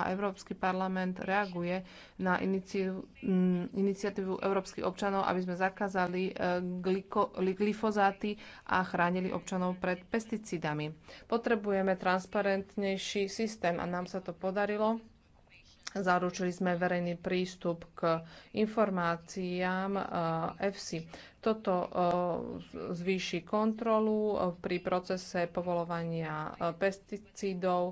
a Európsky parlament reaguje na mm, iniciatívu európskych občanov, aby sme zakázali e, glyfozáty a chránili občanov pred pesticídami. Potrebujeme transparentnejší systém a nám sa to podarilo. Zaručili sme verejný prístup k informáciám EFSI. Toto e, zvýši kontrolu pri procese povolovania e, pesticídov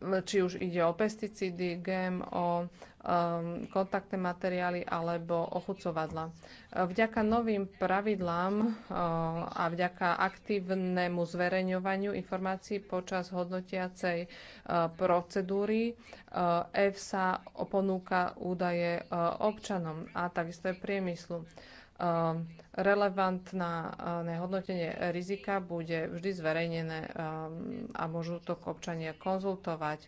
či už ide o pesticídy, GMO, um, kontaktné materiály alebo ochucovadla. Vďaka novým pravidlám um, a vďaka aktívnemu zverejňovaniu informácií počas hodnotiacej uh, procedúry uh, EFSA ponúka údaje uh, občanom a takisto aj priemyslu. Ehm, relevantná hodnotenie rizika bude vždy zverejnené ehm, a môžu to občania konzultovať.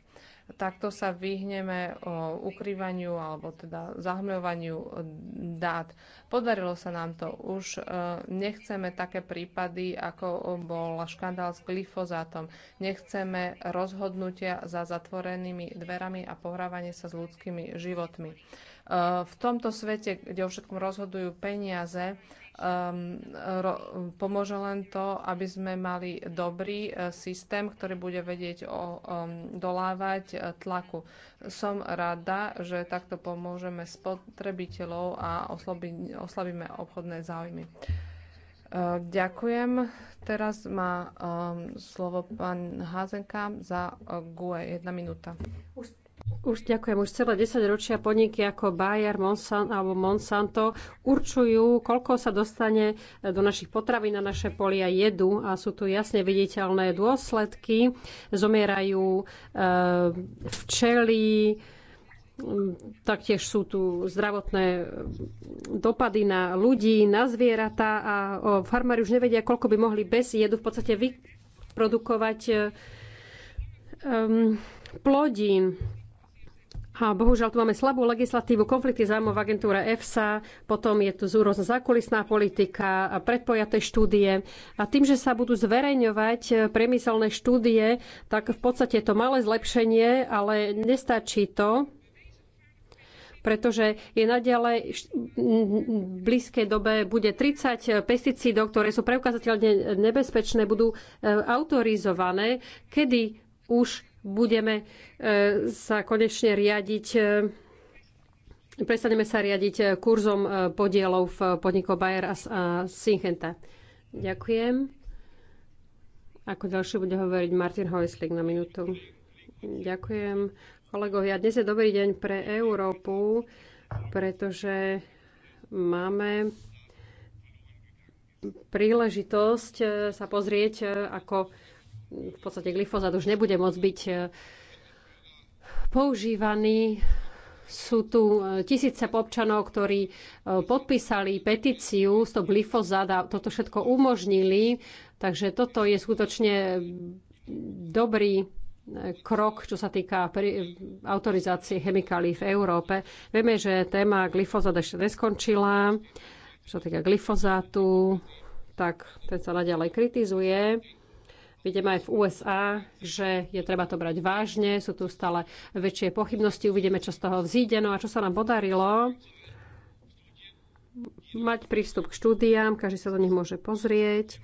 Takto sa vyhneme ukrývaniu alebo teda zahmľovaniu dát. Podarilo sa nám to už. Ehm, nechceme také prípady, ako bol škandál s glyfozátom. Nechceme rozhodnutia za zatvorenými dverami a pohrávanie sa s ľudskými životmi. Eh, v tomto svete, kde o všetkom rozhodujú peniaze, eh, pomôže len to, aby sme mali dobrý eh, systém, ktorý bude vedieť odolávať tlaku. Som rada, že takto pomôžeme spotrebiteľov a oslabíme obchodné záujmy. Ďakujem. Teraz má um, slovo pán Házenka za uh, GUE. Jedna minúta. Už ďakujem. Už celé 10 ročia podniky ako Bayer, Monsanto, alebo Monsanto určujú, koľko sa dostane eh, do našich potravín na naše polia jedu a sú tu jasne viditeľné dôsledky. Zomierajú e, včely, mm, taktiež sú tu zdravotné eh, dopady na ľudí, na zvieratá a farmári už nevedia, koľko by mohli bez jedu v podstate vyprodukovať um, plodín. A bohužiaľ tu máme slabú legislatívu, konflikty zájmov v agentúre EFSA, potom je tu rôzna zákulisná politika, predpojaté štúdie. A tým, že sa budú zverejňovať priemyselné štúdie, tak v podstate je to malé zlepšenie, ale nestačí to, pretože je naďalej v blízkej dobe bude 30 pesticídov, ktoré sú preukazateľne nebezpečné, budú e, autorizované, kedy už budeme e, sa konečne riadiť e, prestaneme sa riadiť e, kurzom podielov v podniku Bayer a Syngenta. Ďakujem. Ako ďalší bude hovoriť Martin Hojslik na minútu. Ďakujem. Kolegovia, dnes je dobrý deň pre Európu, pretože máme príležitosť sa pozrieť, ako v podstate glyfozát už nebude môcť byť e, používaný. Sú tu e, tisíce občanov, ktorí e, podpísali petíciu s to glyfozát a toto všetko umožnili. Takže toto je skutočne dobrý krok, čo sa týka autorizácie chemikálií v Európe. Vieme, že téma glyfozát ešte neskončila. Čo sa týka glyfozátu, tak ten sa naďalej kritizuje. Vidíme aj v USA, že je treba to brať vážne, sú tu stále väčšie pochybnosti, uvidíme, čo z toho vzíde. No a čo sa nám podarilo, mať prístup k štúdiám, každý sa do nich môže pozrieť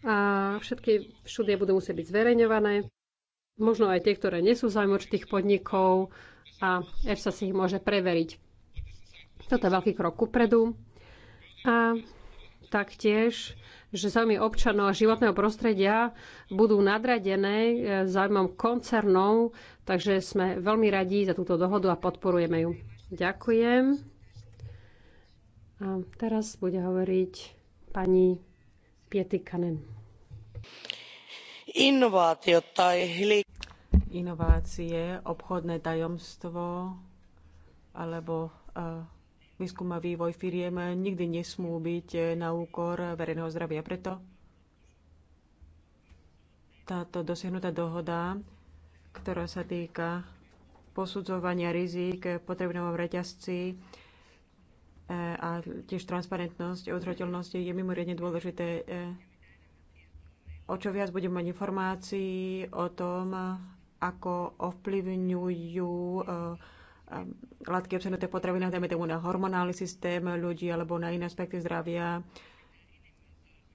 a všetky štúdie budú musieť byť zverejňované, možno aj tie, ktoré nie sú zájmu určitých podnikov a EFSA si ich môže preveriť. Toto je veľký krok kupredu a taktiež že záujmy občanov a životného prostredia budú nadradené e, záujmom koncernov, takže sme veľmi radi za túto dohodu a podporujeme ju. Ďakujem. A teraz bude hovoriť pani Piety Kanen. Inovácie, obchodné tajomstvo alebo uh, výskum a vývoj firiem nikdy nesmú byť na úkor verejného zdravia. Preto táto dosiahnutá dohoda, ktorá sa týka posudzovania rizík v potrebnom reťazci e, a tiež transparentnosť, a udržateľnosť je mimoriadne dôležité. E, o čo viac budeme mať informácií o tom, ako ovplyvňujú e, látky obsahnuté v potravinách, dajme tomu na hormonálny systém ľudí alebo na iné aspekty zdravia,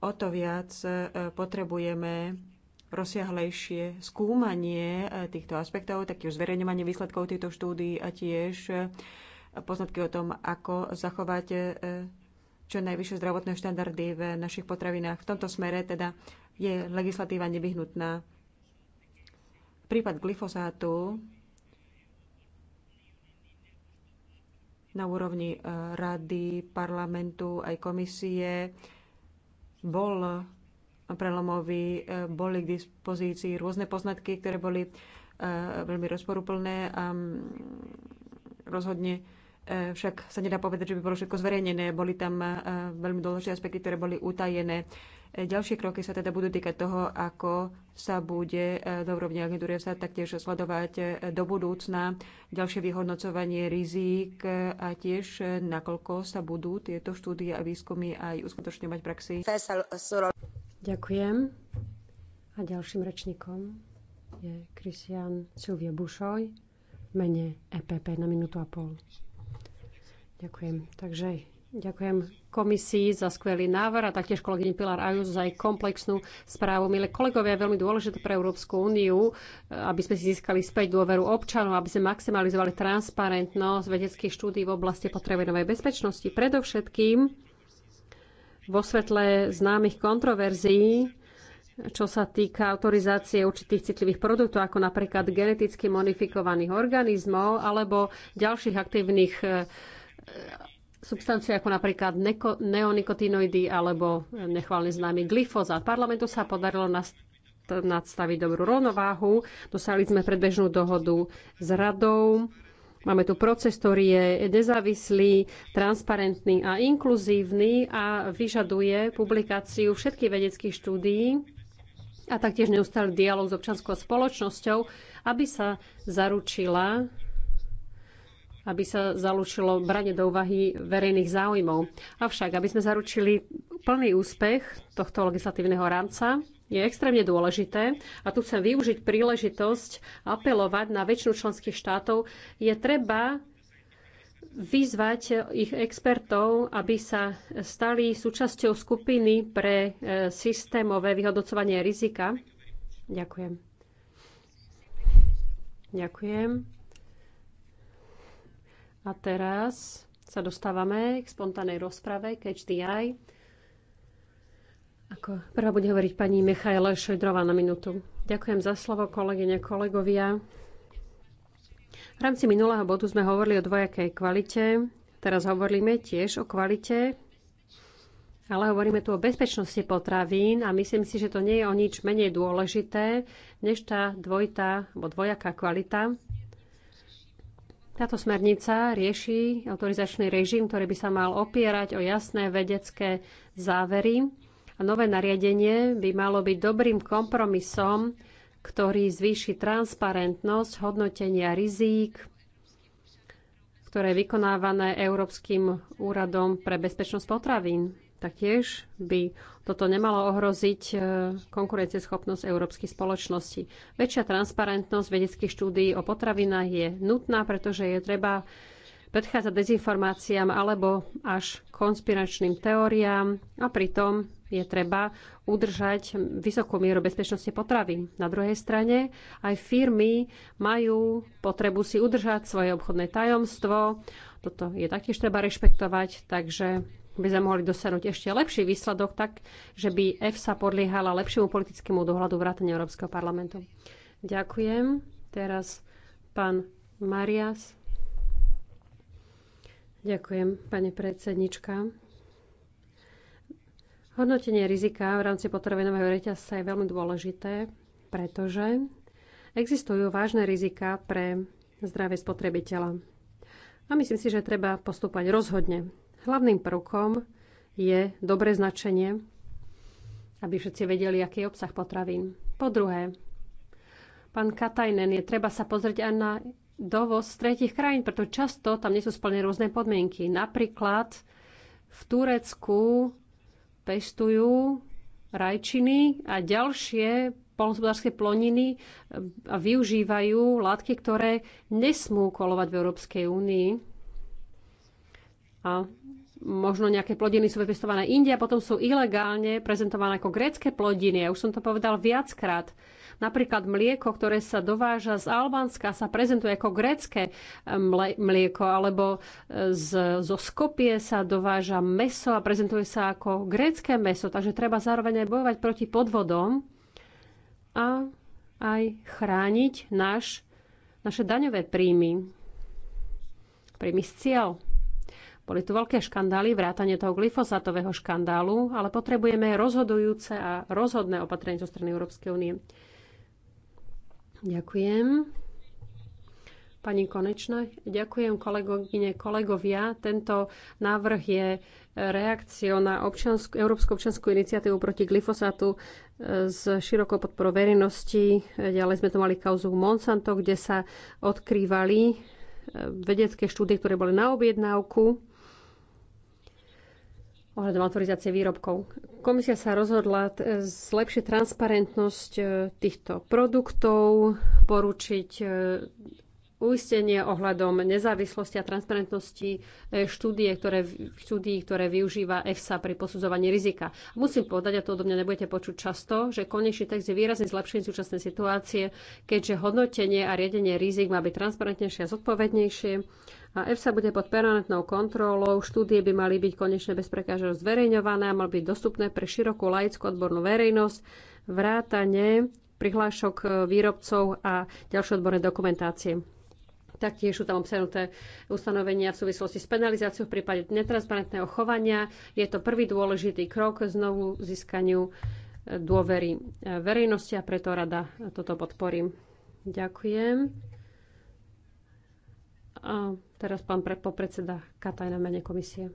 o to viac e, potrebujeme rozsiahlejšie skúmanie e, týchto aspektov, taktiež zverejňovanie výsledkov týchto štúdií a tiež e, poznatky o tom, ako zachovať čo najvyššie zdravotné štandardy v našich potravinách. V tomto smere teda je legislatíva nevyhnutná. Prípad glyfosátu na úrovni e, rady, parlamentu aj komisie bol prelomový, e, boli k dispozícii rôzne poznatky, ktoré boli e, veľmi rozporuplné a mm, rozhodne však sa nedá povedať, že by bolo všetko zverejnené. Boli tam veľmi dôležité aspekty, ktoré boli utajené. Ďalšie kroky sa teda budú týkať toho, ako sa bude e, do úrovne agentúry sa taktiež sledovať e, do budúcna ďalšie vyhodnocovanie rizík a tiež e, nakoľko sa budú tieto štúdie a výskumy aj uskutočňovať v praxi. Ďakujem. A ďalším rečníkom je Kristian Silvia Bušoj v mene EPP na minútu a pol. Ďakujem. Takže Ďakujem komisii za skvelý návrh a taktiež kolegyni Pilar Ajus za aj komplexnú správu. Milé kolegovia, je veľmi dôležité pre Európsku úniu, eh, aby sme si získali späť dôveru občanov, aby sme maximalizovali transparentnosť vedeckých štúdí v oblasti potravinovej bezpečnosti. Predovšetkým vo svetle známych kontroverzií čo sa týka autorizácie určitých citlivých produktov, ako napríklad geneticky modifikovaných organizmov alebo ďalších aktívnych eh, substancie ako napríklad neko, neonikotinoidy alebo nechválne známy glyfozát. Parlamentu sa podarilo nadstaviť dobrú rovnováhu. Dosali sme predbežnú dohodu s radou. Máme tu proces, ktorý je nezávislý, transparentný a inkluzívny a vyžaduje publikáciu všetkých vedeckých štúdií a taktiež neustály dialog s občanskou spoločnosťou, aby sa zaručila aby sa zalúčilo branie do úvahy verejných záujmov. Avšak, aby sme zaručili plný úspech tohto legislatívneho rámca, je extrémne dôležité a tu chcem využiť príležitosť apelovať na väčšinu členských štátov, je treba vyzvať ich expertov, aby sa stali súčasťou skupiny pre e, systémové vyhodnocovanie rizika. Ďakujem. Ďakujem. A teraz sa dostávame k spontánej rozprave Catch the Eye. Ako prvá bude hovoriť pani Michaela Šojdrová na minútu. Ďakujem za slovo, kolegyne, kolegovia. V rámci minulého bodu sme hovorili o dvojakej kvalite. Teraz hovoríme tiež o kvalite, ale hovoríme tu o bezpečnosti potravín a myslím si, že to nie je o nič menej dôležité, než tá dvojitá alebo dvojaká kvalita, táto smernica rieši autorizačný režim, ktorý by sa mal opierať o jasné vedecké závery a nové nariadenie by malo byť dobrým kompromisom, ktorý zvýši transparentnosť hodnotenia rizík, ktoré je vykonávané Európskym úradom pre bezpečnosť potravín. Taktiež by toto nemalo ohroziť e, konkurencieschopnosť európskych spoločnosti. Väčšia transparentnosť vedeckých štúdií o potravinách je nutná, pretože je treba predchádzať dezinformáciám alebo až konspiračným teóriám a pritom je treba udržať vysokú mieru bezpečnosti potravy. Na druhej strane aj firmy majú potrebu si udržať svoje obchodné tajomstvo. Toto je taktiež treba rešpektovať, takže by sme mohli dosiahnuť ešte lepší výsledok, tak, že by EFSA podliehala lepšiemu politickému dohľadu vrátane Európskeho parlamentu. Ďakujem. Teraz pán Marias. Ďakujem, pani predsednička. Hodnotenie rizika v rámci potravinového reťazca je veľmi dôležité, pretože existujú vážne rizika pre zdravie spotrebiteľa. A myslím si, že treba postúpať rozhodne Hlavným prvkom je dobré značenie, aby všetci vedeli, aký je obsah potravín. Po druhé, pán Katajnen, je treba sa pozrieť aj na dovoz z tretich krajín, pretože často tam nie sú splnené rôzne podmienky. Napríklad v Turecku pestujú rajčiny a ďalšie polnospodárske ploniny a využívajú látky, ktoré nesmú kolovať v Európskej únii. A možno nejaké plodiny sú vypestované inde a potom sú ilegálne prezentované ako grécke plodiny. Ja už som to povedal viackrát. Napríklad mlieko, ktoré sa dováža z Albánska, sa prezentuje ako grécke eh, mlieko, alebo eh, z, zo Skopie sa dováža meso a prezentuje sa ako grécke meso. Takže treba zároveň aj bojovať proti podvodom a aj chrániť naš, naše daňové príjmy. Príjmy z cieľ. Boli tu veľké škandály, vrátanie toho glyfosátového škandálu, ale potrebujeme rozhodujúce a rozhodné opatrenie zo strany Európskej únie. Ďakujem. Pani Konečná, ďakujem kolegovine, kolegovia. Tento návrh je reakciou na občiansku, Európsku občianskú iniciatívu proti glyfosátu e, s širokou podporou verejnosti. Ďalej sme tu mali kauzu Monsanto, kde sa odkrývali e, vedecké štúdie, ktoré boli na objednávku ohľadom autorizácie výrobkov. Komisia sa rozhodla zlepšiť transparentnosť e, týchto produktov, poručiť e, uistenie ohľadom nezávislosti a transparentnosti e, štúdie, ktoré, štúdií, ktoré využíva EFSA pri posudzovaní rizika. Musím povedať, a to odo mňa nebudete počuť často, že konečný text je výrazne zlepšený súčasnej situácie, keďže hodnotenie a riadenie rizik má byť transparentnejšie a zodpovednejšie. A EFSA bude pod permanentnou kontrolou, štúdie by mali byť konečne bez prekážov zverejňované a mali byť dostupné pre širokú laickú odbornú verejnosť, vrátane prihlášok e, výrobcov a ďalšie odborné dokumentácie. Taktiež sú tam obsahnuté ustanovenia v súvislosti s penalizáciou v prípade netransparentného chovania. Je to prvý dôležitý krok k znovu získaniu e, dôvery e, verejnosti a preto rada toto podporím. Ďakujem. A teraz pán popredseda Kataj na mene komisie.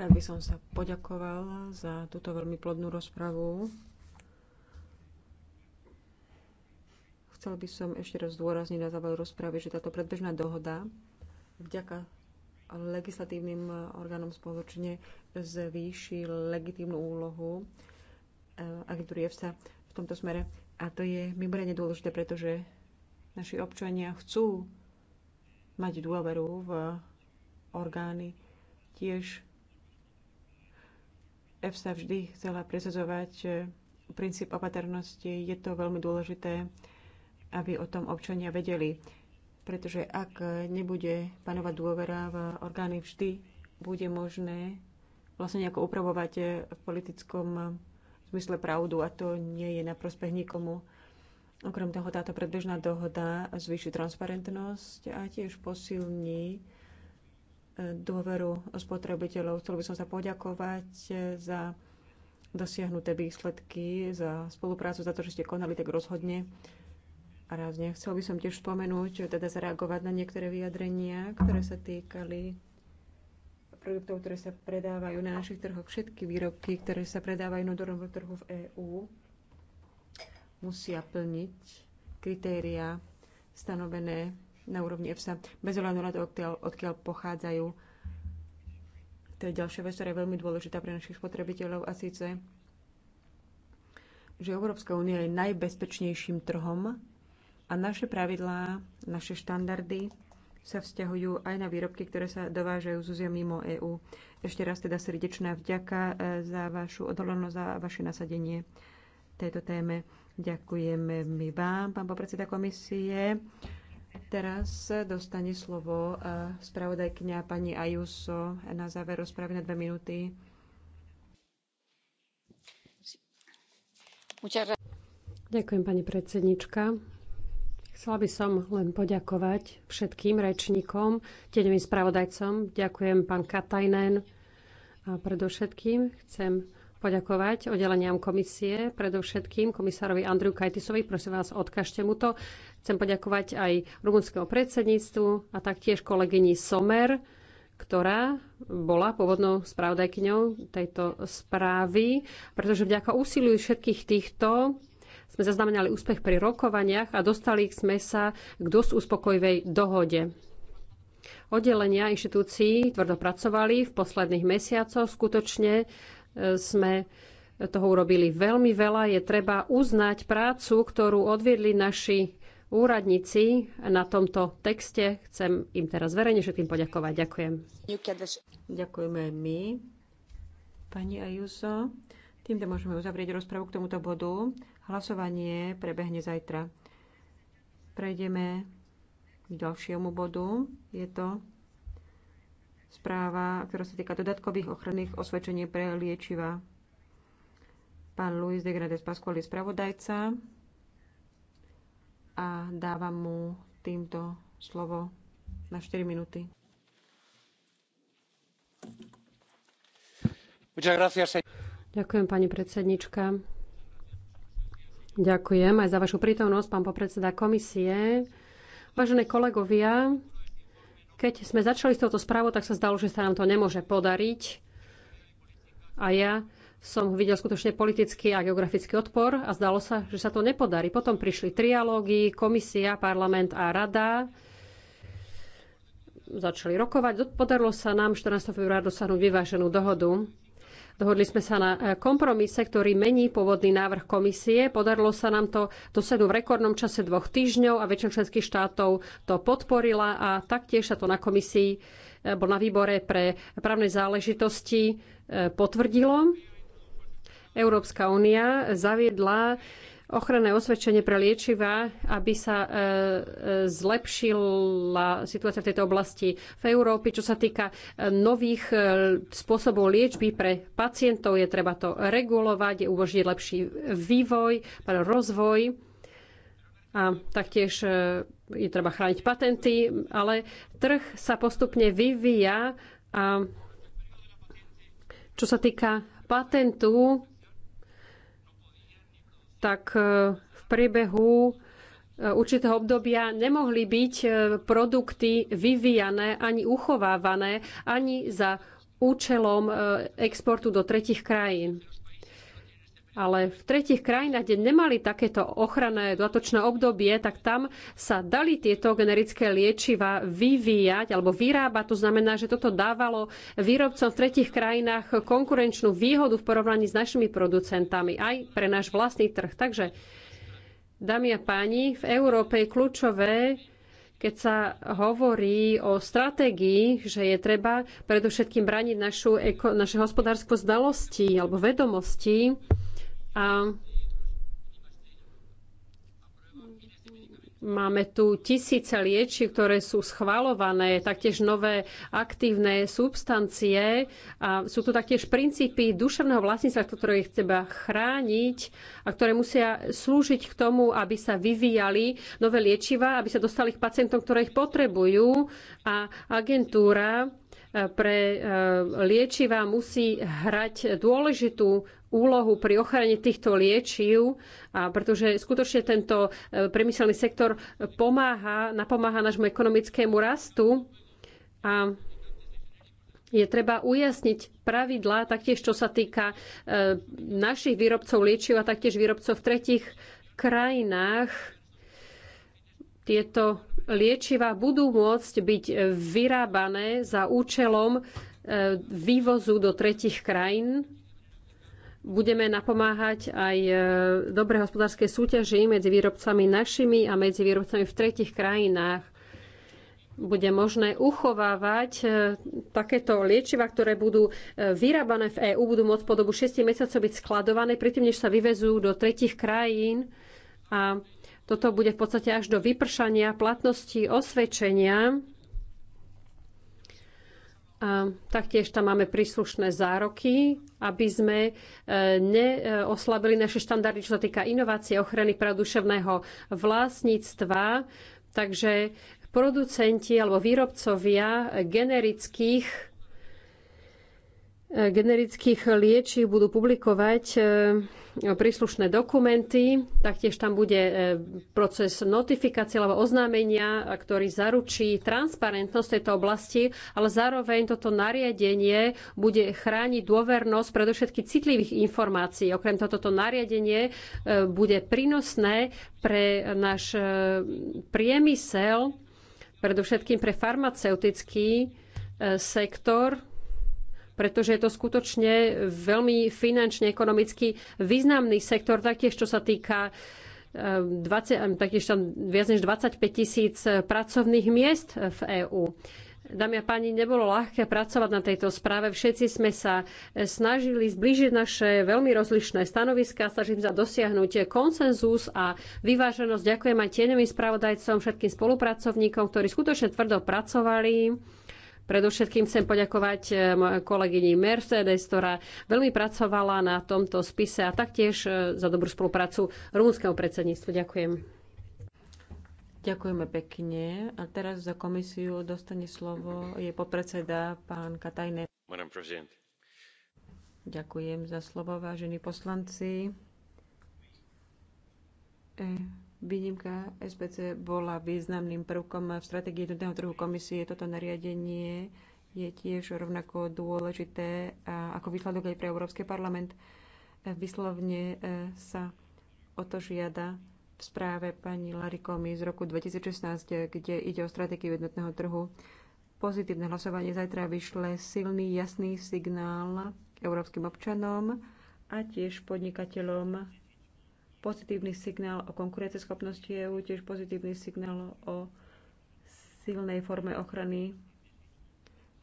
Rád by som sa poďakoval za túto veľmi plodnú rozpravu. Chcel by som ešte raz zdôrazniť na záver rozpravy, že táto predbežná dohoda vďaka legislatívnym orgánom spoločne zvýši legitímnu úlohu eh, agentúry EFSA v tomto smere. A to je mimoriadne dôležité, pretože naši občania chcú mať dôveru v orgány tiež EFSA vždy chcela presadzovať e, princíp opatrnosti. Je to veľmi dôležité, aby o tom občania vedeli, pretože ak nebude panovať dôvera v orgány, vždy bude možné vlastne nejako upravovať e, v politickom e, zmysle pravdu a to nie je na prospech nikomu. Okrem toho táto predbežná dohoda zvýši transparentnosť a tiež posilní dôveru spotrebiteľov. Chcel by som sa poďakovať za dosiahnuté výsledky, za spoluprácu, za to, že ste konali tak rozhodne a rázne. nechcel by som tiež spomenúť, teda zareagovať na niektoré vyjadrenia, ktoré sa týkali produktov, ktoré sa predávajú na našich trhoch. Všetky výrobky, ktoré sa predávajú na dorovnom trhu v EÚ, musia plniť kritéria stanovené na úrovni EFSA, bez ohľadu na to, odkiaľ, odkiaľ pochádzajú. To je ďalšia vec, ktorá je veľmi dôležitá pre našich spotrebiteľov a síce, že Európska únia je najbezpečnejším trhom a naše pravidlá, naše štandardy sa vzťahujú aj na výrobky, ktoré sa dovážajú z územia mimo EÚ. Ešte raz teda srdečná vďaka e, za vašu odhodlanosť za vaše nasadenie tejto téme. Ďakujeme my vám, pán popredseda komisie. Teraz dostane slovo eh, spravodajkňa pani Ajuso na záver rozpravy na dve minúty. Ďakujem, pani predsednička. Chcela by som len poďakovať všetkým rečníkom, tieňovým spravodajcom. Ďakujem, pán Katajnen. A predovšetkým chcem poďakovať oddeleniam komisie, predovšetkým komisárovi Andriu Kajtisovi. Prosím vás, odkažte mu to. Chcem poďakovať aj rumunského predsedníctvu a taktiež kolegyni Somer, ktorá bola pôvodnou spravodajkyňou tejto správy, pretože vďaka úsiliu všetkých týchto sme zaznamenali úspech pri rokovaniach a dostali sme sa k dosť uspokojivej dohode. Oddelenia inštitúcií tvrdo pracovali v posledných mesiacoch, skutočne sme toho urobili veľmi veľa. Je treba uznať prácu, ktorú odviedli naši úradníci na tomto texte. Chcem im teraz verejne všetkým poďakovať. Ďakujem. Ďakujeme my, pani Ajuso. Týmto môžeme uzavrieť rozpravu k tomuto bodu. Hlasovanie prebehne zajtra. Prejdeme k ďalšiemu bodu. Je to správa, ktorá sa týka dodatkových ochranných osvedčení pre liečiva. Pán Luis de Grades Pascual je spravodajca a dávam mu týmto slovo na 4 minúty. Ďakujem, pani predsednička. Ďakujem aj za vašu prítomnosť, pán popredseda komisie. Vážené kolegovia, keď sme začali s touto správou, tak sa zdalo, že sa nám to nemôže podariť. A ja som videl skutočne politický a geografický odpor a zdalo sa, že sa to nepodarí. Potom prišli trialógy, komisia, parlament a rada. Začali rokovať. Podarilo sa nám 14. februára dosiahnuť vyváženú dohodu. Dohodli sme sa na e, kompromise, ktorý mení pôvodný návrh komisie. Podarilo sa nám to dosiahnuť v rekordnom čase dvoch týždňov a väčšina členských štátov to podporila a taktiež sa to na komisii alebo na výbore pre právne záležitosti e, potvrdilo. Európska únia zaviedla ochranné osvedčenie pre liečiva, aby sa e, e, zlepšila situácia v tejto oblasti v Európe. Čo sa týka e, nových spôsobov liečby pre pacientov, je treba to regulovať, uložiť lepší vývoj, rozvoj a taktiež je treba chrániť patenty, ale trh sa postupne vyvíja a čo sa týka patentu, tak e, v priebehu e, určitého obdobia nemohli byť e, produkty vyvíjané ani uchovávané, ani za účelom exportu do tretich krajín ale v tretich krajinách, kde nemali takéto ochranné dodatočné obdobie, tak tam sa dali tieto generické liečiva vyvíjať alebo vyrábať. To znamená, že toto dávalo výrobcom v tretich krajinách konkurenčnú výhodu v porovnaní s našimi producentami aj pre náš vlastný trh. Takže, dámy a páni, v Európe je kľúčové, keď sa hovorí o stratégii, že je treba predovšetkým braniť našu, naše hospodárstvo znalosti alebo vedomosti. A Máme tu tisíce liečiv, ktoré sú schvalované, taktiež nové aktívne substancie a sú tu taktiež princípy duševného vlastníctva, ktoré ich treba chrániť a ktoré musia slúžiť k tomu, aby sa vyvíjali nové liečiva, aby sa dostali k pacientom, ktoré ich potrebujú a agentúra E, pre e, liečiva musí hrať dôležitú úlohu pri ochrane týchto liečiv, a pretože skutočne tento e, priemyselný sektor pomáha, napomáha nášmu ekonomickému rastu a je treba ujasniť pravidlá, taktiež čo sa týka našich výrobcov liečiv a taktiež výrobcov v tretich krajinách. Tieto liečiva budú môcť byť vyrábané za účelom e, vývozu do tretich krajín. Budeme napomáhať aj e, dobre hospodárskej súťaži medzi výrobcami našimi a medzi výrobcami v tretich krajinách. Bude možné uchovávať e, takéto liečiva, ktoré budú vyrábané v EÚ, budú môcť po dobu 6 mesiacov byť skladované, predtým než sa vyvezú do tretich krajín. A toto bude v podstate až do vypršania platnosti osvedčenia. A taktiež tam máme príslušné zároky, aby sme e, neoslabili naše štandardy, čo sa týka inovácie, ochrany praduševného vlastníctva. Takže producenti alebo výrobcovia generických E, generických liečiv budú publikovať e, príslušné dokumenty. Taktiež tam bude e, proces notifikácie alebo oznámenia, ktorý zaručí transparentnosť tejto oblasti, ale zároveň toto nariadenie bude chrániť dôvernosť predovšetky citlivých informácií. Okrem toho, toto nariadenie bude prínosné pre náš priemysel, predovšetkým pre farmaceutický sektor, pretože je to skutočne veľmi finančne, ekonomicky významný sektor, taktiež čo sa týka 20, eh, eh, taktiež tam viac než 25 tisíc eh, pracovných miest v EÚ. Dámy a páni, nebolo ľahké pracovať na tejto správe. Všetci sme sa snažili zblížiť naše veľmi rozlišné stanoviská, snažím sa dosiahnuť konsenzus a vyváženosť. Ďakujem aj tieňovým spravodajcom, všetkým spolupracovníkom, ktorí skutočne tvrdo pracovali. Predovšetkým chcem poďakovať e, kolegyni Mercedes, ktorá veľmi pracovala na tomto spise a taktiež e, za dobrú spoluprácu rumúnskeho predsedníctva. Ďakujem. Ďakujeme pekne. A teraz za komisiu dostane slovo je popredseda pán Katajne. Ďakujem za slovo, vážení poslanci. E, Výnimka SPC bola významným prvkom v stratégii jednotného trhu komisie. Toto nariadenie je tiež rovnako dôležité ako výsledok aj pre Európsky parlament. Vyslovne e, sa o to žiada v správe pani Lary Komi z roku 2016, kde ide o stratégiu jednotného trhu. Pozitívne hlasovanie zajtra vyšle silný, jasný signál európskym občanom a tiež podnikateľom pozitívny signál o konkurenceschopnosti EÚ, tiež pozitívny signál o silnej forme ochrany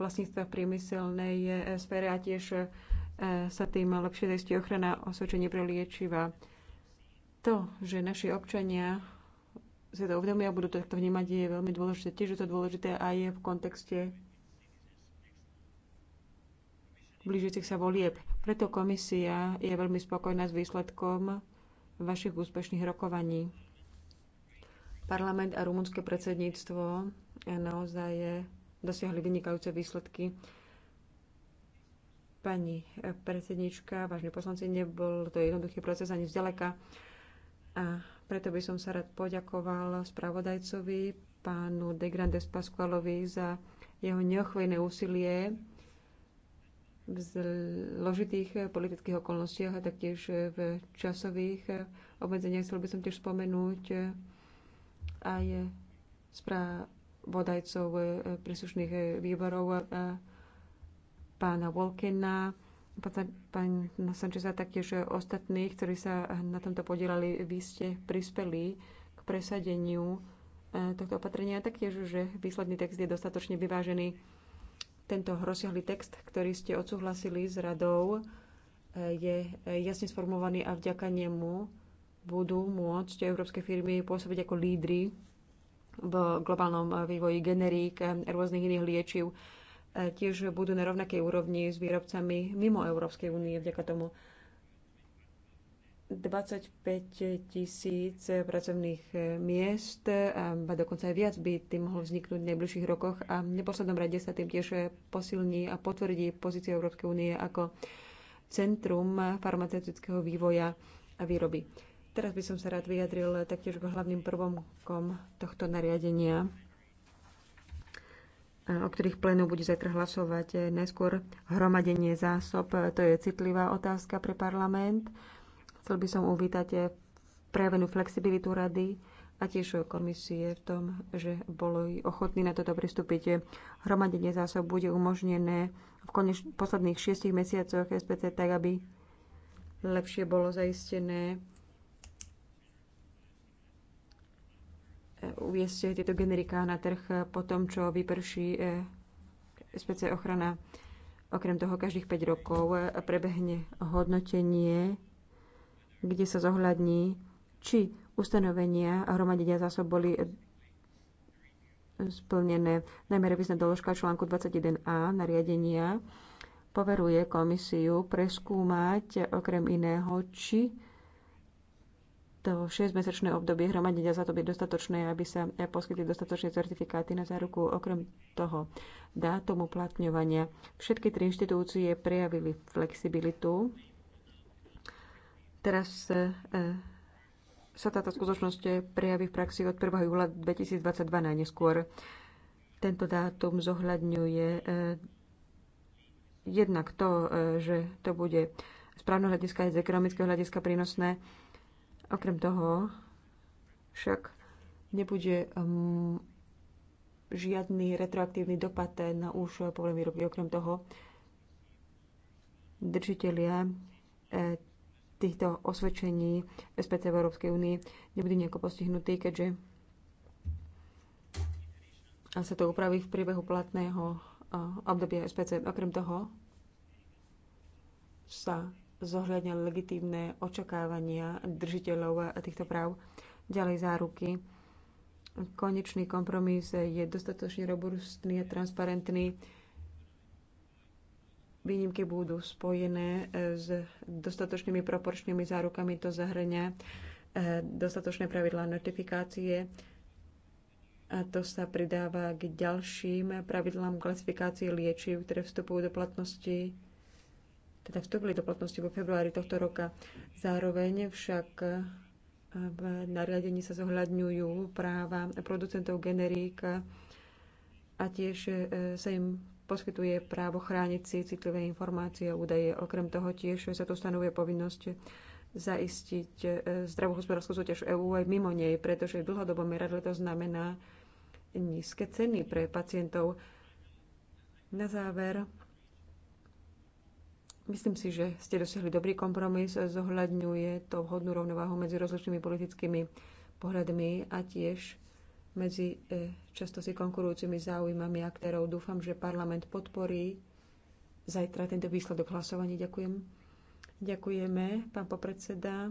vlastníctva v priemyselnej sfére a tiež e, sa tým lepšie zistí ochrana osvedčenie pre liečiva. To, že naši občania sa to uvedomia a budú to takto vnímať, je veľmi dôležité. Tiež je to dôležité aj je v kontexte blížiacich sa volieb. Preto komisia je veľmi spokojná s výsledkom vašich úspešných rokovaní. Parlament a rumunské predsedníctvo eh, naozaj je, dosiahli vynikajúce výsledky. Pani eh, predsednička, vážne poslanci, nebol to jednoduchý proces ani vzdialeka, A preto by som sa rád poďakoval spravodajcovi, pánu De Grandes Pasqualovi, za jeho neochvejné úsilie v zložitých politických okolnostiach a taktiež v časových obmedzeniach. Chcel by som tiež spomenúť aj správodajcov príslušných výborov pána Volkena, pána Sančeza, taktiež ostatných, ktorí sa na tomto podielali. Vy ste prispeli k presadeniu e, tohto opatrenia, taktiež, že výsledný text je dostatočne vyvážený tento rozsiahly text, ktorý ste odsúhlasili s radou, e, je e, jasne sformovaný a vďaka nemu budú môcť európske firmy pôsobiť ako lídry v globálnom e, vývoji generík rôznych iných liečiv. Tiež budú na rovnakej úrovni s výrobcami mimo Európskej únie vďaka tomu. 25 tisíc pracovných miest, a dokonca aj viac by tým mohlo vzniknúť v najbližších rokoch a v neposlednom rade sa tým tiež posilní a potvrdí pozíciu Európskej únie ako centrum farmaceutického vývoja a výroby. Teraz by som sa rád vyjadril taktiež k hlavným prvomkom tohto nariadenia, o ktorých plénu bude zajtra hlasovať najskôr hromadenie zásob. To je citlivá otázka pre parlament. Chcel by som uvítať eh, prejavenú flexibilitu rady a tiež komisie v tom, že bolo ochotný na toto pristúpiť. Hromadenie zásob bude umožnené v koneč- posledných šiestich mesiacoch SPC tak, aby lepšie bolo zaistené eh, uviesť tieto generiká na trh po tom, čo vyprší eh, SPC ochrana. Okrem toho, každých 5 rokov prebehne hodnotenie kde sa zohľadní, či ustanovenia a hromadenia zásob boli splnené. Najmä revizná doložka článku 21a nariadenia poveruje komisiu preskúmať okrem iného, či to 6-mesačné obdobie hromadenia za to byť dostatočné, aby sa poskytli dostatočné certifikáty na záruku. Okrem toho, dátum uplatňovania. Všetky tri inštitúcie prejavili flexibilitu Teraz e, e, sa táto skutočnosť prejaví v praxi od 1. júla 2022 najneskôr. Tento dátum zohľadňuje e, jednak to, že to bude z právneho hľadiska aj z ekonomického hľadiska prínosné. Okrem toho však nebude um, žiadny retroaktívny dopad na už povolené výrobky. Okrem toho držiteľia týchto osvedčení SPC v Európskej únii nebude nejako postihnutý, keďže sa to upraví v priebehu platného obdobia SPC. Okrem toho sa zohľadňa legitívne očakávania držiteľov týchto práv, ďalej záruky. Konečný kompromis je dostatočne robustný a transparentný Výnimky budú spojené e, s dostatočnými proporčnými zárukami. To zahrňa e, dostatočné pravidlá notifikácie. A to sa pridáva k ďalším pravidlám klasifikácie liečiv, ktoré vstupujú do platnosti teda vstúpili do platnosti vo februári tohto roka. Zároveň však e, v nariadení sa zohľadňujú práva producentov generík a tiež sa im poskytuje právo chrániť si citlivé informácie a údaje. Okrem toho tiež sa tu stanovuje povinnosť zaistiť e, zdravú hospodárskú súťaž EÚ aj mimo nej, pretože dlhodobo dlhodobom meradle to znamená nízke ceny pre pacientov. Na záver, myslím si, že ste dosiahli dobrý kompromis, zohľadňuje to vhodnú rovnováhu medzi rozličnými politickými pohľadmi a tiež medzi e, často si konkurujúcimi záujmami ktorou Dúfam, že parlament podporí zajtra tento výsledok hlasovania. Ďakujem. Ďakujeme, pán popredseda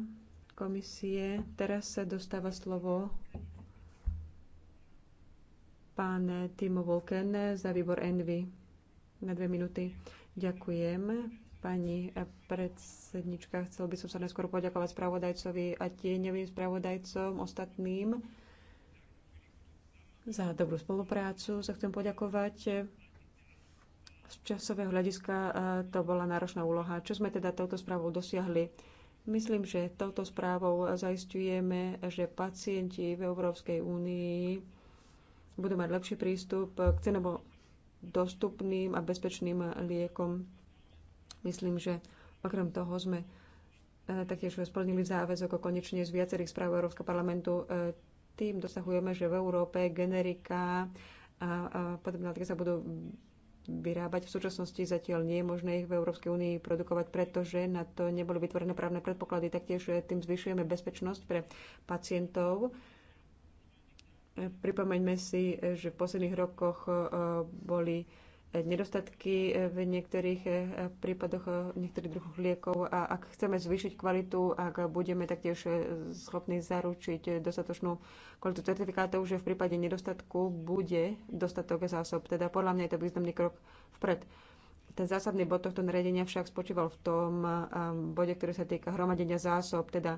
komisie. Teraz sa dostáva slovo pán Timo Volken za výbor Envy na dve minúty. Ďakujem. Pani predsednička, chcel by som sa neskôr poďakovať spravodajcovi a tieňovým spravodajcom ostatným za dobrú spoluprácu. Sa chcem poďakovať. Z časového hľadiska e, to bola náročná úloha. Čo sme teda touto správou dosiahli? Myslím, že touto správou zaistujeme, že pacienti v Európskej únii budú mať lepší prístup k cenovo dostupným a bezpečným liekom. Myslím, že okrem toho sme e, taktiež splnili záväzok o konečne z viacerých správ Európskeho parlamentu, e, tým dosahujeme, že v Európe generika a, a podobné látky sa budú vyrábať. V súčasnosti zatiaľ nie je možné ich v Európskej únii produkovať, pretože na to neboli vytvorené právne predpoklady. Taktiež e, tým zvyšujeme bezpečnosť pre pacientov. E, pripomeňme si, e, že v posledných rokoch boli nedostatky v niektorých eh, prípadoch v eh, niektorých druhoch liekov a ak chceme zvýšiť kvalitu, ak budeme taktiež eh, schopní zaručiť dostatočnú kvalitu certifikátov, že v prípade nedostatku bude dostatok zásob. Teda podľa mňa je to významný krok vpred. Ten zásadný bod tohto nariadenia však spočíval v tom bode, ktorý sa týka hromadenia zásob, teda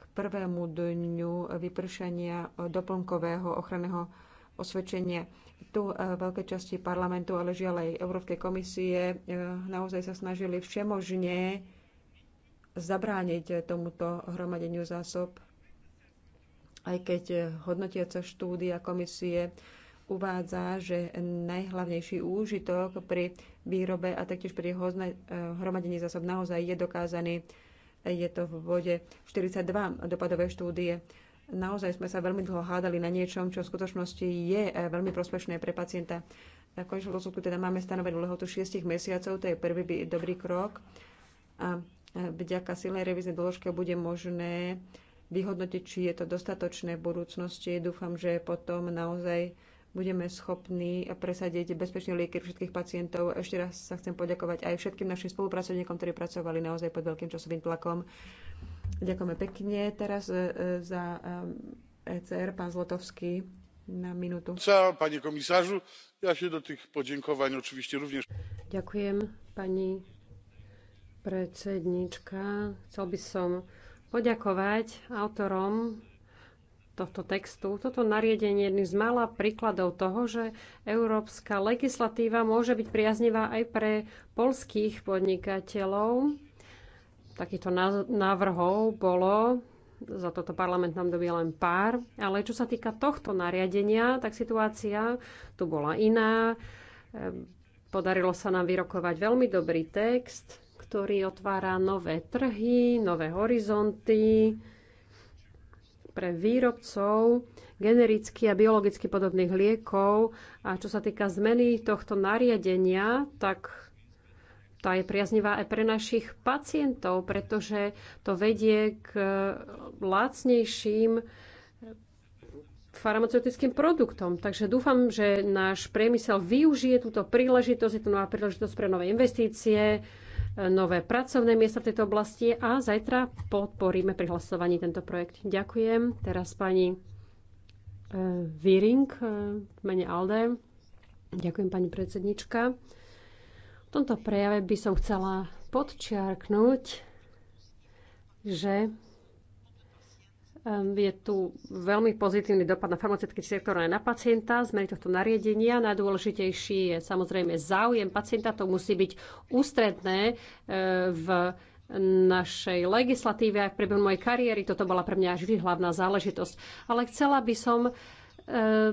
k prvému dňu vypršania doplnkového ochranného osvedčenia tu e, veľkej časti parlamentu, ale žiaľ aj Európskej komisie e, naozaj sa snažili všemožne zabrániť tomuto hromadeniu zásob. Aj keď hodnotiaca štúdia komisie uvádza, že najhlavnejší úžitok pri výrobe a taktiež pri e, hromadení zásob naozaj je dokázaný. Je to v vode 42 dopadové štúdie. Naozaj sme sa veľmi dlho hádali na niečom, čo v skutočnosti je eh, veľmi prospešné pre pacienta. V končnom dôsledku teda máme stanovenú lehotu 6 mesiacov, to je prvý dobrý krok. A eh, vďaka silnej revíznej doložke bude možné vyhodnotiť, či je to dostatočné v budúcnosti. Dúfam, že potom naozaj budeme schopní presadiť bezpečné lieky všetkých pacientov. Ešte raz sa chcem poďakovať aj všetkým našim spolupracovníkom, ktorí pracovali naozaj pod veľkým časovým tlakom. Ďakujeme pekne. Teraz e, e, za ECR e pán Zlotovský na minútu. pani komisážu. ja si do tých podienkovaní očivište rovnež... Ďakujem, pani predsednička. Chcel by som poďakovať autorom tohto textu. Toto nariadenie je jedným z mála príkladov toho, že európska legislatíva môže byť priaznivá aj pre polských podnikateľov. Takýchto návrhov bolo za toto parlament nám dobie len pár. Ale čo sa týka tohto nariadenia, tak situácia tu bola iná. Ehm, podarilo sa nám vyrokovať veľmi dobrý text, ktorý otvára nové trhy, nové horizonty pre výrobcov genericky a biologicky podobných liekov. A čo sa týka zmeny tohto nariadenia, tak tá je priaznivá aj pre našich pacientov, pretože to vedie k lacnejším farmaceutickým produktom. Takže dúfam, že náš priemysel využije túto príležitosť. Je to nová príležitosť pre nové investície, nové pracovné miesta v tejto oblasti a zajtra podporíme pri hlasovaní tento projekt. Ďakujem. Teraz pani e, Viring, e, mene Alde. Ďakujem, pani predsednička. V tomto prejave by som chcela podčiarknúť, že ehm, je tu veľmi pozitívny dopad na farmaceutický sektor aj na pacienta. Zmeny tohto nariadenia. Najdôležitejší je samozrejme záujem pacienta. To musí byť ústredné e, v našej legislatíve a v priebehu mojej kariéry. Toto bola pre mňa vždy hlavná záležitosť. Ale chcela by som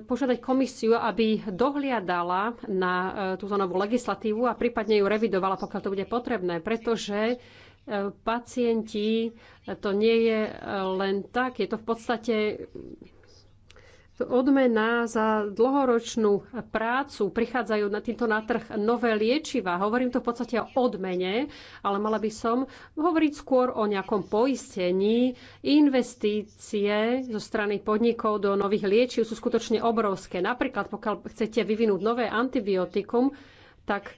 požiadať komisiu, aby dohliadala na e, túto novú legislatívu a prípadne ju revidovala, pokiaľ to bude potrebné, pretože e, pacienti e, to nie je len tak, je to v podstate odmena za dlhoročnú prácu. Prichádzajú na týmto na trh nové liečiva. Hovorím to v podstate o odmene, ale mala by som hovoriť skôr o nejakom poistení. Investície zo strany podnikov do nových liečiv sú skutočne obrovské. Napríklad, pokiaľ chcete vyvinúť nové antibiotikum, tak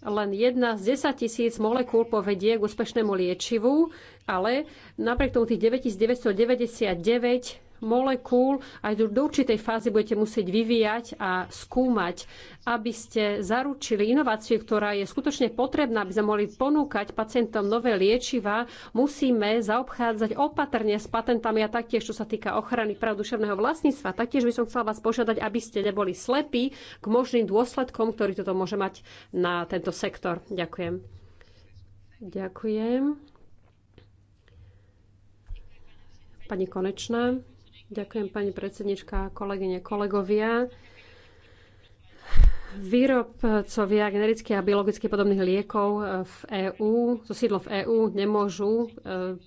len jedna z 10 tisíc molekúl povedie k úspešnému liečivu, ale napriek tomu tých 9999 molekúl aj do, do určitej fázy budete musieť vyvíjať a skúmať, aby ste zaručili inováciu, ktorá je skutočne potrebná, aby sme mohli ponúkať pacientom nové liečiva, musíme zaobchádzať opatrne s patentami a taktiež, čo sa týka ochrany práv duševného vlastníctva. Taktiež by som chcela vás požiadať, aby ste neboli slepí k možným dôsledkom, ktorý toto môže mať na tento sektor. Ďakujem. Ďakujem. Pani Konečná. Ďakujem pani predsednička, kolegyne, kolegovia. Výrobcovia generických a biologicky podobných liekov v EÚ, so sídlo v EÚ, nemôžu e,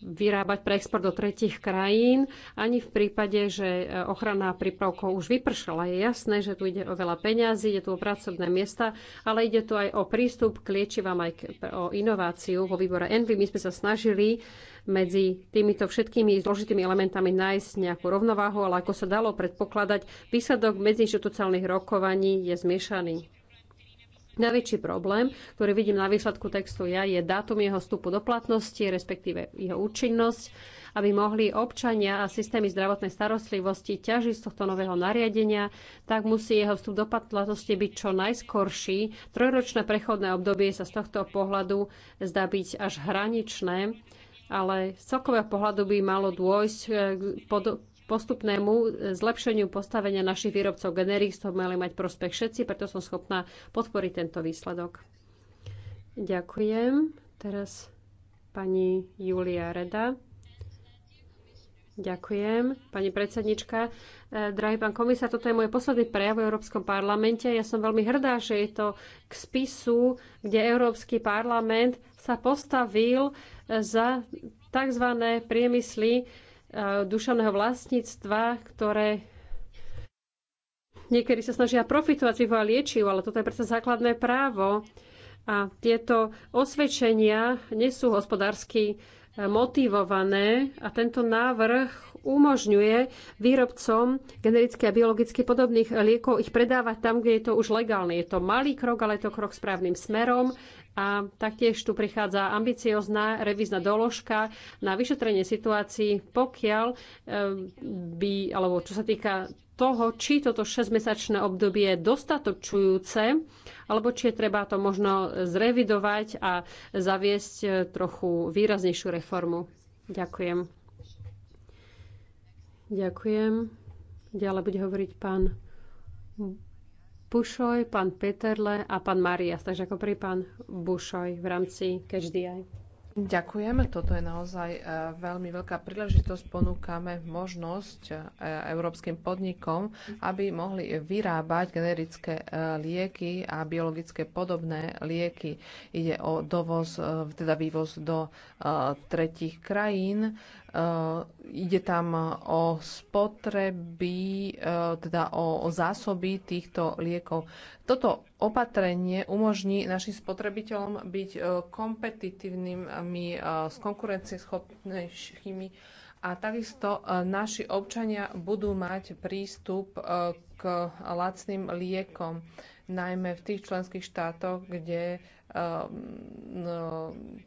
vyrábať pre export do tretich krajín, ani v prípade, že e, ochrana prípravkov už vypršala. Je jasné, že tu ide o veľa peňazí, ide tu o pracovné miesta, ale ide tu aj o prístup k liečivám, aj o inováciu. Vo výbore Envy my sme sa snažili medzi týmito všetkými zložitými elementami nájsť nejakú rovnováhu, ale ako sa dalo predpokladať, výsledok medzinštitucionálnych rokovaní je zmiešaný. Najväčší problém, ktorý vidím na výsledku textu ja, je dátum jeho vstupu do platnosti, respektíve jeho účinnosť, aby mohli občania a systémy zdravotnej starostlivosti ťažiť z tohto nového nariadenia, tak musí jeho vstup do platnosti byť čo najskorší. Trojročné prechodné obdobie sa z tohto pohľadu zdá byť až hraničné ale z celkového pohľadu by malo dôjsť eh, pod postupnému eh, zlepšeniu postavenia našich výrobcov generík, z toho mali mať prospech všetci, preto som schopná podporiť tento výsledok. Ďakujem. Teraz pani Julia Reda. Ďakujem, pani predsednička. Eh, drahý pán komisár, toto je môj posledný prejav v Európskom parlamente. Ja som veľmi hrdá, že je to k spisu, kde Európsky parlament sa postavil za tzv. priemysly e, duševného vlastníctva, ktoré niekedy sa snažia profitovať z vývoja liečiv, ale toto je predsa základné právo. A tieto osvedčenia nesú hospodársky motivované a tento návrh umožňuje výrobcom genericky a biologicky podobných liekov ich predávať tam, kde je to už legálne. Je to malý krok, ale je to krok správnym smerom a taktiež tu prichádza ambiciozná revízna doložka na vyšetrenie situácií, pokiaľ eh, by, alebo čo sa týka toho, či toto 6-mesačné obdobie je dostatočujúce, alebo či je treba to možno zrevidovať a zaviesť eh, trochu výraznejšiu reformu. Ďakujem. Ďakujem. Ďalej bude hovoriť pán Bušoj, pán Peterle a pán Marias. Takže ako pri pán Bušoj v rámci každý aj. Ďakujem. Toto je naozaj e, veľmi veľká príležitosť. Ponúkame možnosť e, európskym podnikom, aby mohli vyrábať generické e, lieky a biologické podobné lieky. Ide o dovoz, teda vývoz do tretich krajín Eh, ide tam eh, o spotreby, eh, teda o, o zásoby týchto liekov. Toto opatrenie umožní našim spotrebiteľom byť kompetitívnymi, s konkurencieschopnejšími a takisto naši občania budú mať prístup k lacným liekom, najmä v tých členských štátoch, kde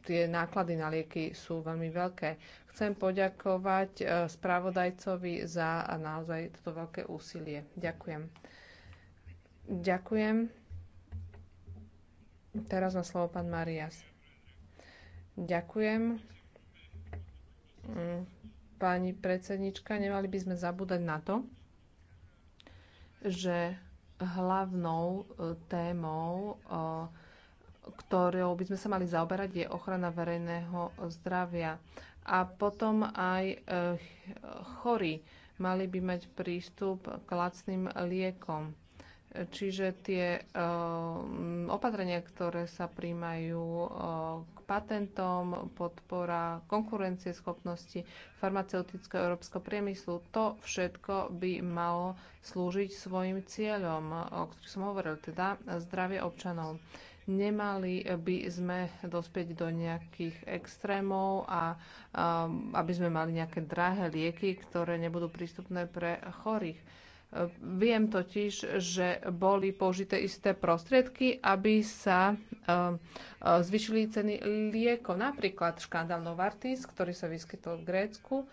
tie náklady na lieky sú veľmi veľké. Chcem poďakovať e, spravodajcovi za naozaj toto veľké úsilie. Ďakujem. Ďakujem. Teraz má slovo pán Marias. Ďakujem. Mm, pani predsednička, nemali by sme zabúdať na to, že hlavnou e, témou e, ktorou by sme sa mali zaoberať, je ochrana verejného zdravia. A potom aj e, chorí mali by mať prístup k lacným liekom. Čiže tie e, opatrenia, ktoré sa príjmajú e, k patentom, podpora konkurencieschopnosti farmaceutického európskeho priemyslu, to všetko by malo slúžiť svojim cieľom, o ktorých som hovoril, teda zdravie občanov. Nemali by sme dospieť do nejakých extrémov a aby sme mali nejaké drahé lieky, ktoré nebudú prístupné pre chorých. Viem totiž, že boli použité isté prostriedky, aby sa e, e, zvyšili ceny lieko. Napríklad škandál Novartis, ktorý sa vyskytol v Grécku, e,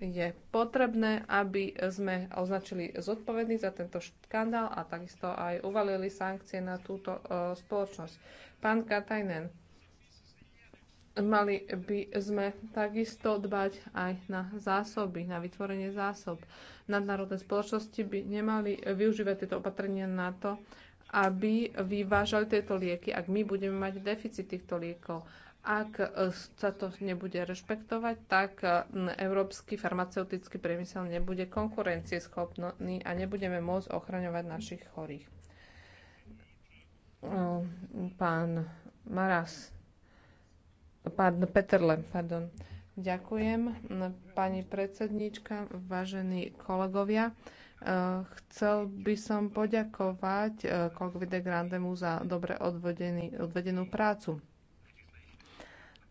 je potrebné, aby sme označili zodpovedný za tento škandál a takisto aj uvalili sankcie na túto uh, spoločnosť. Pán Katajnen, mali by sme takisto dbať aj na zásoby, na vytvorenie zásob. Nadnárodné spoločnosti by nemali využívať tieto opatrenia na to, aby vyvážali tieto lieky, ak my budeme mať deficit týchto liekov. Ak e, sa to nebude rešpektovať, tak e, európsky farmaceutický priemysel nebude konkurencieschopný a nebudeme môcť ochraňovať našich chorých. E, pán Maras, pán Peterle, pardon. Ďakujem, pani predsednička, vážení kolegovia. Chcel by som poďakovať Kogvide Grandemu za dobre odvedenú prácu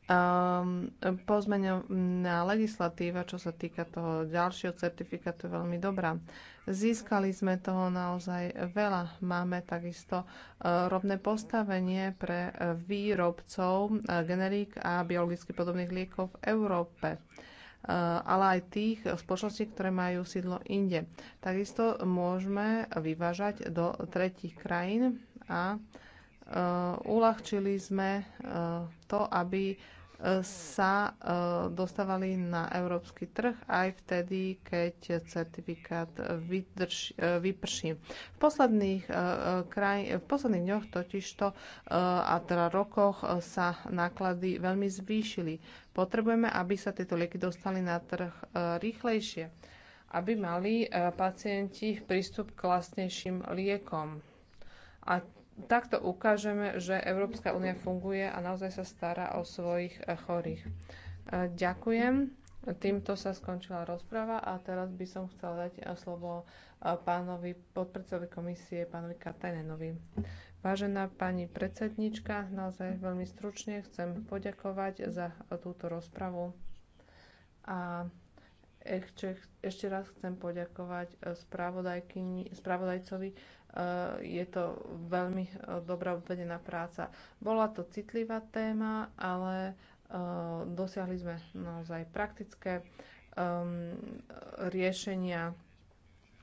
Um, ehm, pozmenená legislatíva, čo sa týka toho ďalšieho certifikátu, je veľmi dobrá. Získali sme toho naozaj veľa. Máme takisto uh, rovné postavenie pre výrobcov uh, generík a biologicky podobných liekov v Európe e, ale aj tých spoločností, ktoré majú sídlo inde. Takisto môžeme vyvážať do tretich krajín a uľahčili sme to, aby sa eh, dostávali na európsky trh aj vtedy, keď certifikát vydrž, eh, vyprší. V posledných, eh, kraj, v posledných dňoch totižto a teda rokoch sa náklady veľmi zvýšili. Potrebujeme, aby sa tieto lieky dostali na trh rýchlejšie, aby mali pacienti prístup k vlastnejším liekom. A takto ukážeme, že Európska únia funguje a naozaj sa stará o svojich eh, chorých. Eh, ďakujem. Týmto sa skončila rozprava a teraz by som chcela dať eh, slovo pánovi podpredsedovi komisie, pánovi Katajnenovi. Vážená pani predsednička, naozaj veľmi stručne chcem poďakovať za túto rozpravu. A ešte, ešte raz chcem poďakovať spravodajcovi Eh, je to veľmi eh, dobrá odvedená práca. Bola to citlivá téma, ale eh, dosiahli sme naozaj praktické ehm, riešenia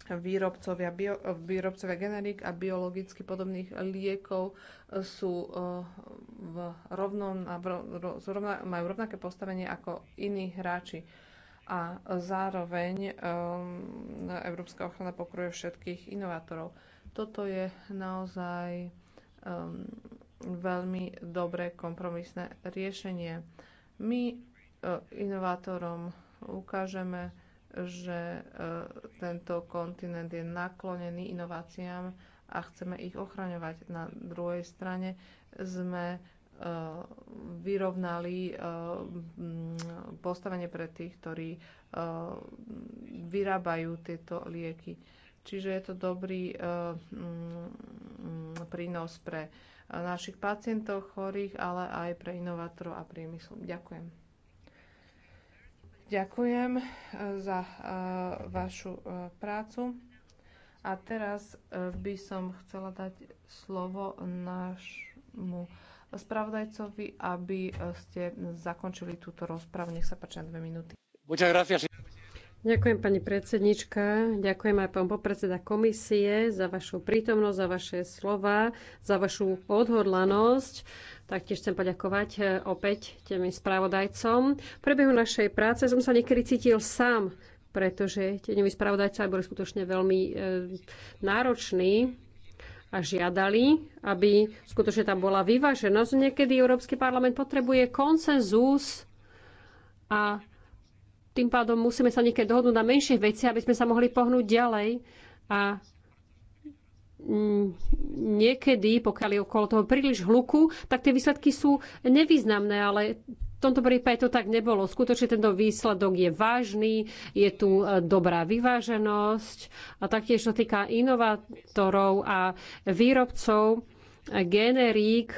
výrobcovia, bio, výrobcovia generík a biologicky podobných liekov sú v rovnom, majú rovnaké postavenie ako iní hráči a zároveň um, Európska ochrana pokruje všetkých inovátorov. Toto je naozaj um, veľmi dobré kompromisné riešenie. My uh, inovátorom ukážeme, že uh, tento kontinent je naklonený inováciám a chceme ich ochraňovať. Na druhej strane sme uh, vyrovnali uh, postavenie pre tých, ktorí uh, vyrábajú tieto lieky. Čiže je to dobrý eh, mm, mm, prínos pre našich pacientov, chorých, ale aj pre inovátorov a priemysl. Ďakujem. Ďakujem eh, za eh, vašu prácu. A teraz by som chcela dať slovo nášmu spravodajcovi, aby ste zakončili túto rozpravu. Nech sa páči na dve minúty. Ďakujem pani predsednička, ďakujem aj pán popredseda komisie za vašu prítomnosť, za vaše slova, za vašu odhodlanosť. Taktiež chcem poďakovať e, opäť tým spravodajcom. V priebehu našej práce som sa niekedy cítil sám, pretože tieňoví spravodajca boli skutočne veľmi e, nároční a žiadali, aby skutočne tam bola vyváženosť. Niekedy Európsky parlament potrebuje konsenzus a tým pádom musíme sa niekedy dohodnúť na menšie veci, aby sme sa mohli pohnúť ďalej. A mm, niekedy, pokiaľ je okolo toho príliš hluku, tak tie výsledky sú nevýznamné, ale v tomto prípade to tak nebolo. Skutočne tento výsledok je vážny, je tu e, dobrá vyváženosť a taktiež to týka inovátorov a výrobcov e, generík,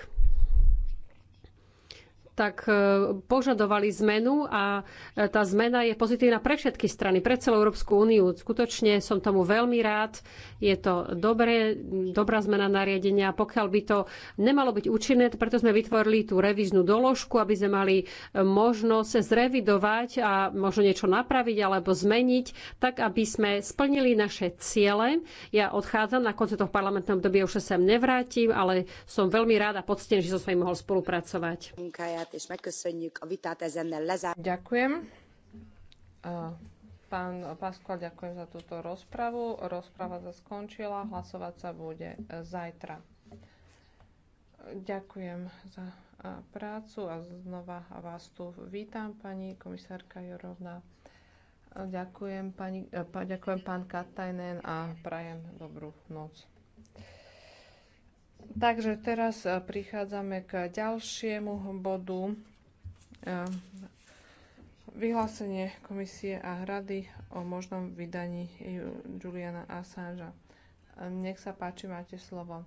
tak e, požadovali zmenu a e, tá zmena je pozitívna pre všetky strany, pre celú Európsku úniu. Skutočne som tomu veľmi rád. Je to dobré, dobrá zmena nariadenia. Pokiaľ by to nemalo byť účinné, preto sme vytvorili tú revíznu doložku, aby sme mali možnosť zrevidovať a možno niečo napraviť alebo zmeniť, tak aby sme splnili naše ciele. Ja odchádzam, na konci toho parlamentného obdobia už sa sem nevrátim, ale som veľmi rád a poctený, že som s vami mohol spolupracovať. Ďakujem és megköszönjük a vitát ezennel Ďakujem. Pán Paskal, ďakujem za túto rozpravu. Rozprava sa skončila, hlasovať sa bude zajtra. Ďakujem za prácu a znova vás tu vítam, pani komisárka Jorovna. Ďakujem, pani, e, ďakujem pán Katajnen a prajem dobrú noc. Takže teraz e, prichádzame k ďalšiemu bodu e, vyhlásenie komisie a rady o možnom vydaní Juliana Assangea. E, nech sa páči, máte slovo.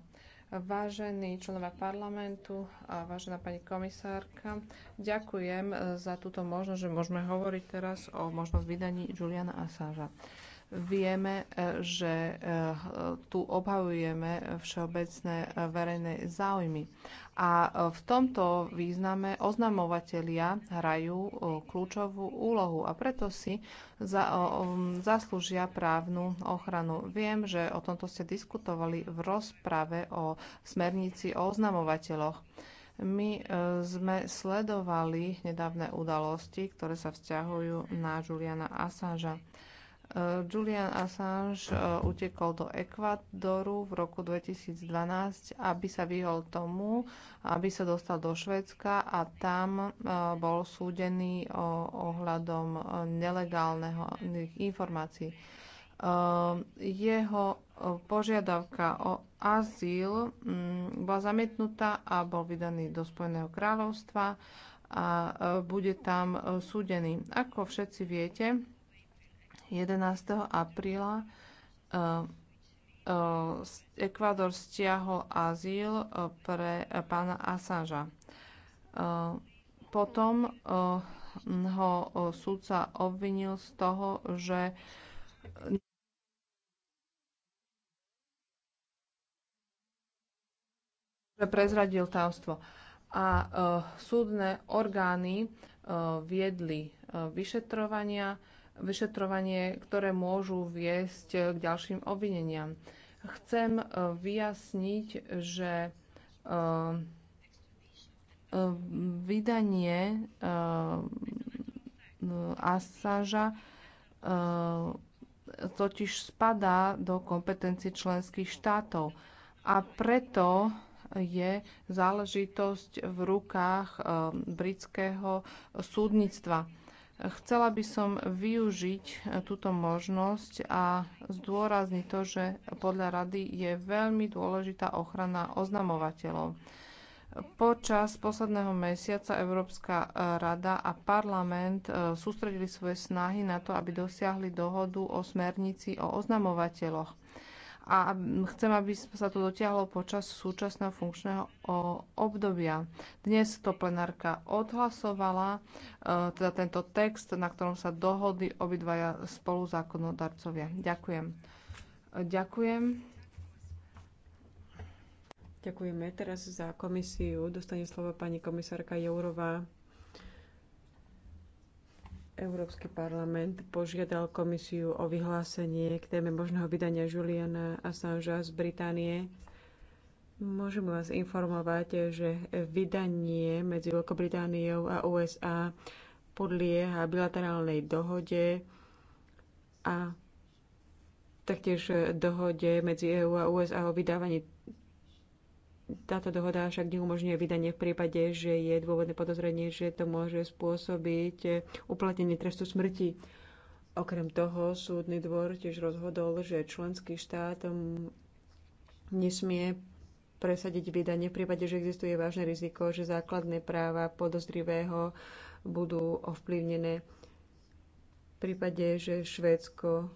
Vážení členovia parlamentu, vážená pani komisárka, ďakujem za túto možnosť, že môžeme hovoriť teraz o možnom vydaní Juliana Assangea. Vieme, e, že e, tu obhajujeme všeobecné e, verejné záujmy. A v tomto význame oznamovatelia hrajú kľúčovú úlohu a preto si za, zaslúžia právnu ochranu. Viem, že o tomto ste diskutovali v rozprave o smernici o oznamovateľoch. My sme sledovali nedávne udalosti, ktoré sa vzťahujú na Juliana Assangea. Eh, Julian Assange eh, utekol do Ekvadoru v roku 2012, aby sa vyhol tomu, aby sa dostal do Švédska a tam eh, bol súdený ohľadom nelegálneho informácií. Jeho požiadavka o azyl mm, bola zamietnutá a bol vydaný do Spojeného kráľovstva a bude tam súdený. Ako všetci viete, 11. apríla e, e, Ekvádor stiahol azyl e, pre pána Assangea. Potom ho súdca obvinil z toho, že že prezradil tajomstvo. A súdne orgány viedli vyšetrovania vyšetrovanie, ktoré môžu viesť k ďalším obvineniam. Chcem e, vyjasniť, že e, e, vydanie Assange totiž spadá do kompetencie členských štátov a preto je záležitosť v rukách britského súdnictva Chcela by som využiť e, túto možnosť a zdôrazniť to, že podľa rady je veľmi dôležitá ochrana oznamovateľov. Počas posledného mesiaca Európska e, rada a parlament e, sústredili svoje snahy na to, aby dosiahli dohodu o smernici o oznamovateľoch a chcem, aby sa to dotiahlo počas súčasného funkčného obdobia. Dnes to plenárka odhlasovala, e, teda tento text, na ktorom sa dohodli obidvaja spoluzákonodarcovia. Ďakujem. Ďakujem. Ďakujeme. Teraz za komisiu dostane slovo pani komisárka Jourová. Európsky parlament požiadal komisiu o vyhlásenie k téme možného vydania Juliana Assangea z Británie. Môžem vás informovať, že vydanie medzi Veľkobritániou a USA podlieha bilaterálnej dohode a taktiež dohode medzi EÚ a USA o vydávaní táto dohoda však neumožňuje vydanie v prípade, že je dôvodné podozrenie, že to môže spôsobiť uplatnenie trestu smrti. Okrem toho súdny dvor tiež rozhodol, že členský štát nesmie presadiť vydanie v prípade, že existuje vážne riziko, že základné práva podozrivého budú ovplyvnené. V prípade, že Švédsko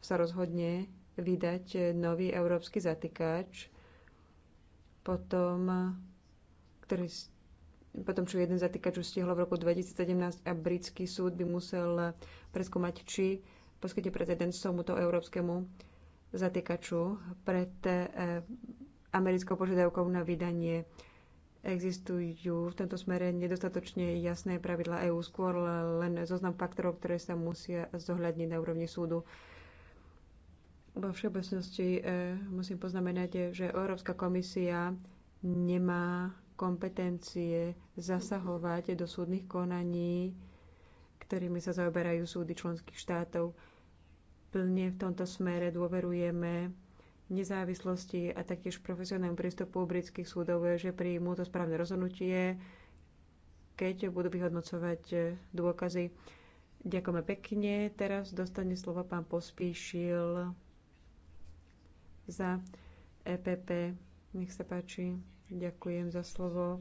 sa rozhodne vydať nový európsky zatýkač, potom, ktorý, potom čo jeden zatýkač už stihlo v roku 2017 a britský súd by musel preskúmať, či poskytne prezident tomuto európskemu zatýkaču pred eh, americkou požiadavkou na vydanie. Existujú v tomto smere nedostatočne jasné pravidla EÚ, skôr len zoznam faktorov, ktoré sa musia zohľadniť na úrovni súdu. Vo všeobecnosti e, musím poznamenať, e, že Európska komisia nemá kompetencie zasahovať do súdnych konaní, ktorými sa zaoberajú súdy členských štátov. Plne v tomto smere dôverujeme nezávislosti a taktiež profesionálnemu prístupu britských súdov, e, že príjmú to správne rozhodnutie, keď budú vyhodnocovať dôkazy. Ďakujeme pekne. Teraz dostane slovo pán Pospíšil za EPP. Nech sa páči. Ďakujem za slovo.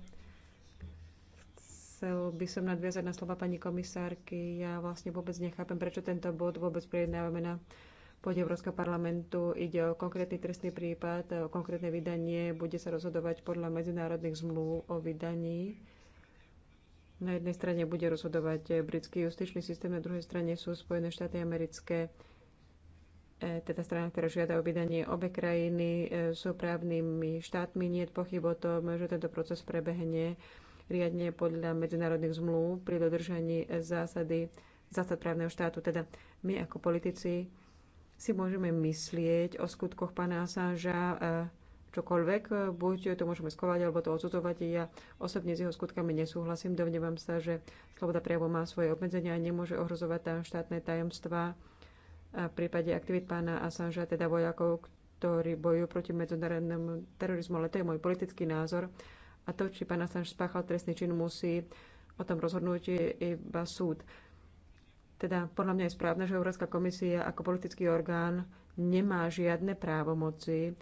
Chcel by som nadviazať na slova pani komisárky. Ja vlastne vôbec nechápem, prečo tento bod vôbec prejednávame na pôde Európskeho parlamentu. Ide o konkrétny trestný prípad, o konkrétne vydanie. Bude sa rozhodovať podľa medzinárodných zmluv o vydaní. Na jednej strane bude rozhodovať britský justičný systém, na druhej strane sú Spojené štáty americké E, teda strana, ktorá žiada o vydanie obe krajiny, e, sú právnymi štátmi. Nie je pochyb o tom, že tento proces prebehne riadne podľa medzinárodných zmluv pri dodržaní zásady zásad právneho štátu. Teda my ako politici si môžeme myslieť o skutkoch pána Assange e, čokoľvek, buď to môžeme skovať alebo to odsudzovať. Ja osobne s jeho skutkami nesúhlasím. Dovnievam sa, že sloboda prejavu má svoje obmedzenia a nemôže ohrozovať tam štátne tajomstvá a v prípade aktivít pána Assangea, teda vojakov, ktorí bojujú proti medzinárodnému terorizmu, ale to je môj politický názor. A to, či pán Assange spáchal trestný čin, musí o tom rozhodnúť iba súd. Teda podľa mňa je správne, že Európska komisia ako politický orgán nemá žiadne právomoci,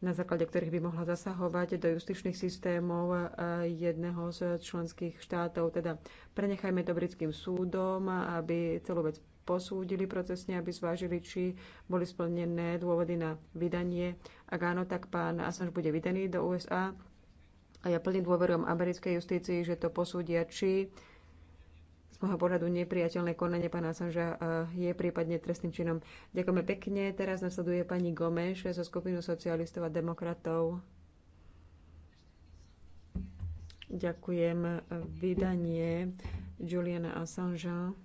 na základe ktorých by mohla zasahovať do justičných systémov eh, jedného z členských štátov. Teda prenechajme to britským súdom, aby celú vec posúdili procesne, aby zvážili, či boli splnené dôvody na vydanie. Ak áno, tak pán Assange bude vydaný do USA. A ja plne dôverujem americkej justícii, že to posúdia, či z môjho pohľadu nepriateľné konanie pána Assange eh, je prípadne trestným činom. Ďakujeme pekne. Teraz nasleduje pani Gomeš zo skupinu socialistov a demokratov. Ďakujem. Vydanie Juliana Assange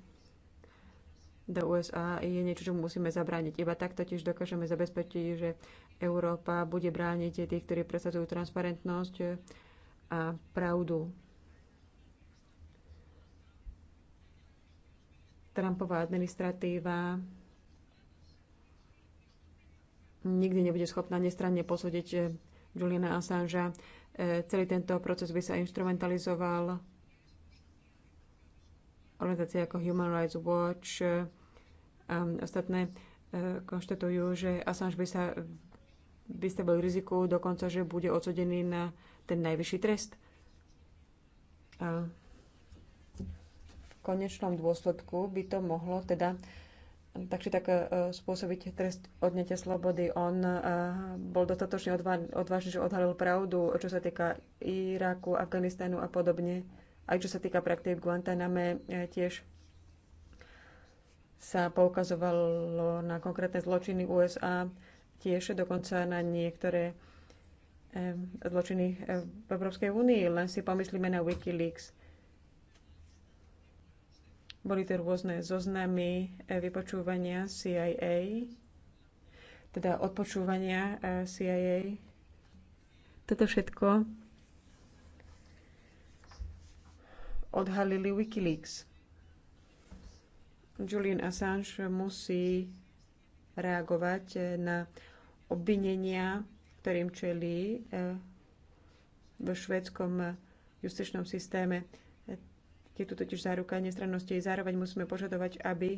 do USA je niečo, čo musíme zabrániť. Iba tak totiž dokážeme zabezpečiť, že Európa bude brániť tých, ktorí presadzujú transparentnosť a pravdu. Trumpová administratíva nikdy nebude schopná nestranne posúdiť Juliana Assangea. Celý tento proces by sa instrumentalizoval organizácie ako Human Rights Watch a e, um, ostatné e, konštatujú, že Assange by sa vystavil riziku dokonca, že bude odsudený na ten najvyšší trest. A v konečnom dôsledku by to mohlo teda um, či tak e, spôsobiť trest odnete slobody. On bol dostatočne odvážny, že odhalil pravdu, čo sa týka Iraku, Afganistánu a podobne aj čo sa týka praktík v Guantaname, e, tiež sa poukazovalo na konkrétne zločiny USA, tiež dokonca na niektoré e, zločiny e, v Európskej únii. Len si pomyslíme na Wikileaks. Boli to rôzne zoznamy vypočúvania CIA, teda odpočúvania CIA. Toto všetko odhalili Wikileaks. Julian Assange musí reagovať eh, na obvinenia, ktorým čelí eh, v švedskom eh, justičnom systéme. Je tu totiž záruka nestrannosti. Zároveň musíme požadovať, aby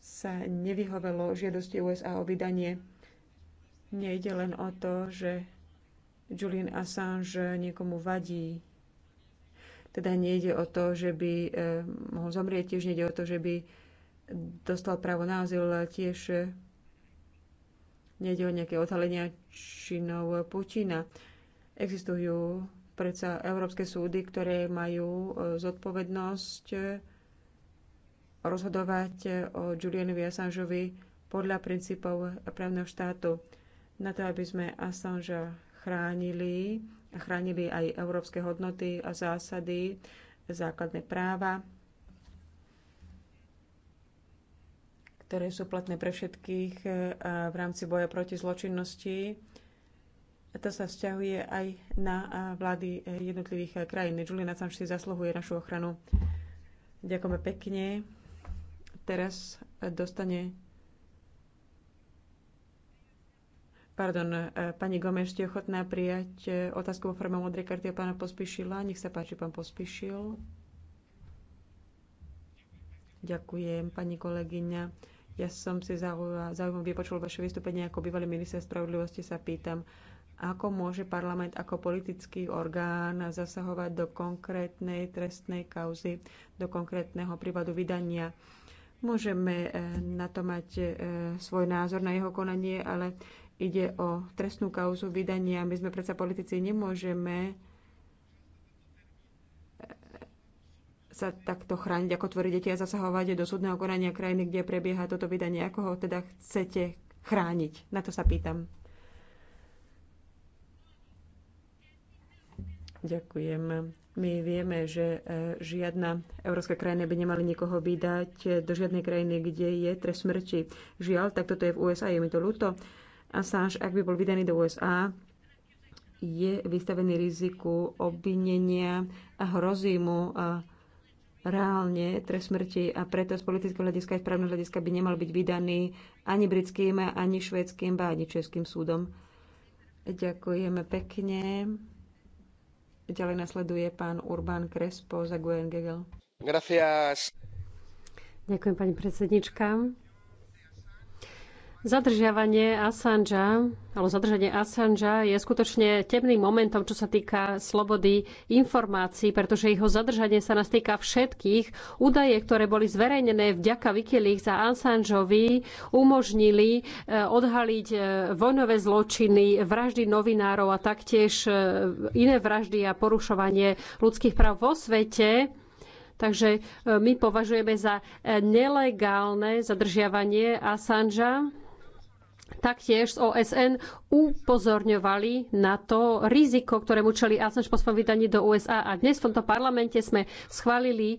sa nevyhovelo žiadosti USA o vydanie. Nejde len o to, že Julian Assange niekomu vadí. Teda nejde o to, že by e, mohol zomrieť, tiež nejde o to, že by dostal právo na azyl, tiež e, nejde o nejaké odhalenia činov Putina. Existujú predsa európske súdy, ktoré majú e, zodpovednosť rozhodovať o Julianovi Assangeovi podľa princípov právneho štátu. Na to, aby sme Assangea chránili a chránili aj európske hodnoty a zásady, základné práva, ktoré sú platné pre všetkých e, v rámci boja proti zločinnosti. To sa vzťahuje aj na e, vlády e, jednotlivých krajín. Julian Assange si zasluhuje našu ochranu. Ďakujeme pekne. Teraz dostane Pardon, e, pani Gomeš, ste ochotná prijať e, otázku vo forme modrej karty pána Pospíšila? Nech sa páči, pán Pospíšil. Ďakujem, pani kolegyňa. Ja som si zaujímavý vypočul vaše vystúpenie ako bývalý minister spravodlivosti. Sa pýtam, ako môže parlament ako politický orgán zasahovať do konkrétnej trestnej kauzy, do konkrétneho prípadu vydania. Môžeme e, na to mať svoj názor na jeho konanie, ale ide o trestnú kauzu vydania. My sme predsa politici, nemôžeme eh, sa takto chrániť, ako tvorí deti a zasahovať do súdneho konania krajiny, kde prebieha toto vydanie. Ako ho teda chcete chrániť? Na to sa pýtam. Ďakujem. My vieme, že eh, žiadna európska krajina by nemali nikoho vydať eh, do žiadnej krajiny, kde je trest smrti. Žiaľ, tak toto je v USA, je mi to ľúto. Assange, ak by bol vydaný do USA, je vystavený riziku obvinenia a hrozí mu reálne trest smrti a preto z politického hľadiska aj právneho hľadiska by nemal byť vydaný ani britským, ani švédským, ani českým súdom. Ďakujeme pekne. Ďalej nasleduje pán Urbán Krespo za Gwen Gegel. Gracias. Ďakujem pani predsednička. Zadržiavanie Assangea, alebo zadržanie Assangea je skutočne temným momentom, čo sa týka slobody informácií, pretože jeho zadržanie sa nás týka všetkých. Údaje, ktoré boli zverejnené vďaka Wikileaks a Assangeovi, umožnili e, odhaliť e, vojnové zločiny, vraždy novinárov a taktiež e, iné vraždy a porušovanie ľudských práv vo svete. Takže my považujeme za nelegálne zadržiavanie Assangea taktiež z OSN upozorňovali na to riziko, ktorému čeli Assange po svojom vydaní do USA. A dnes v tomto parlamente sme schválili e,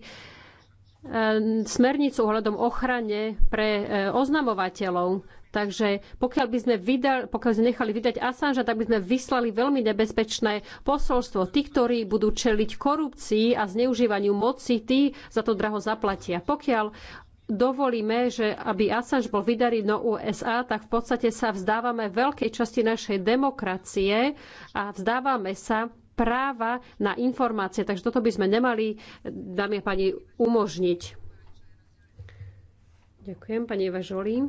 smernicu ohľadom ochrane pre e, oznamovateľov. Takže pokiaľ by sme, vydal, pokiaľ sme nechali vydať Assangea, tak by sme vyslali veľmi nebezpečné posolstvo. Tí, ktorí budú čeliť korupcii a zneužívaniu moci, tí za to draho zaplatia. Pokiaľ dovolíme, že aby Assange bol vydarý do USA, tak v podstate sa vzdávame veľkej časti našej demokracie a vzdávame sa práva na informácie. Takže toto by sme nemali, dámy a pani, umožniť. Ďakujem, pani Eva Žolí.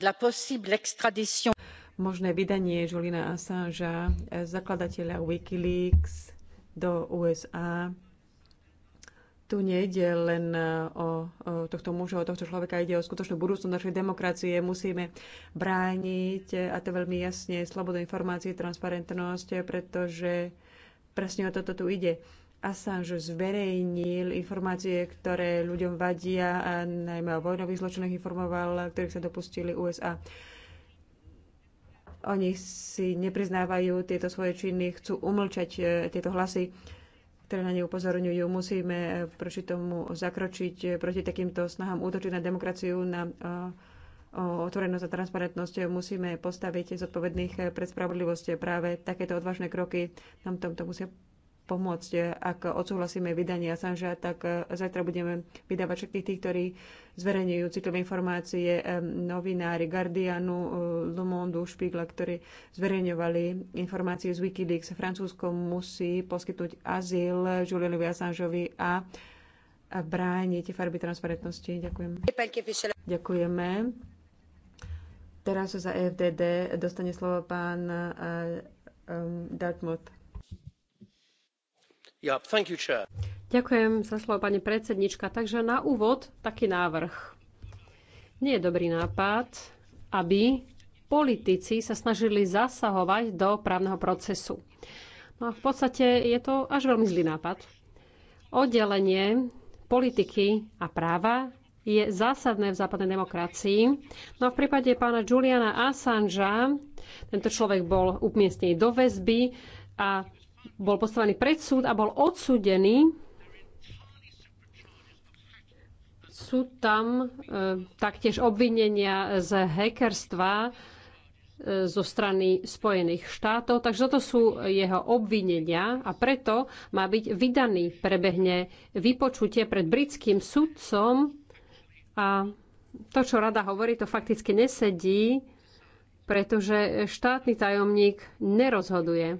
La possible extradition. Možné vydanie Žolina Assangea, zakladateľa Wikileaks do USA, tu nejde len e, o, o tohto muža, o tohto človeka, ide o skutočnú budúcnosť našej demokracie. Musíme brániť, e, a to veľmi jasne, slobodu informácií, transparentnosť, e, pretože presne o toto tu ide. Assange zverejnil informácie, ktoré ľuďom vadia, a najmä o vojnových zločinoch informoval, ktorých sa dopustili USA. Oni si nepriznávajú tieto svoje činy, chcú umlčať tieto hlasy ktoré na ne upozorňujú. Musíme eh, proti tomu zakročiť, eh, proti takýmto snahám útočiť na demokraciu, na eh, otvorenosť a transparentnosť. Musíme postaviť zodpovedných pred spravodlivosť. Práve takéto odvážne kroky nám tomto musia pomôcť. Eh, ak odsúhlasíme vydanie Assange, tak eh, zajtra budeme vydávať všetkých tých, ktorí zverejňujú citlivé informácie, eh, novinári Guardianu, Le Monde, Spiegel, ktorí zverejňovali informácie z Wikileaks. Francúzsko musí poskytnúť azyl Julianovi Assangeovi a brániť farby transparentnosti. Ďakujem. Ďakujeme. Teraz za e FDD dostane slovo pán uh, um, Dartmouth. Ďakujem za slovo, pani predsednička. Takže na úvod taký návrh. Nie je dobrý nápad, aby politici sa snažili zasahovať do právneho procesu. No a v podstate je to až veľmi zlý nápad. Oddelenie politiky a práva je zásadné v západnej demokracii. No a v prípade pána Juliana Assangea, tento človek bol umiestnený do väzby a bol postavený pred súd a bol odsúdený. Sú tam e, taktiež obvinenia z hackerstva e, zo strany Spojených štátov. Takže toto sú jeho obvinenia a preto má byť vydaný. Prebehne vypočutie pred britským sudcom a to, čo rada hovorí, to fakticky nesedí, pretože štátny tajomník nerozhoduje.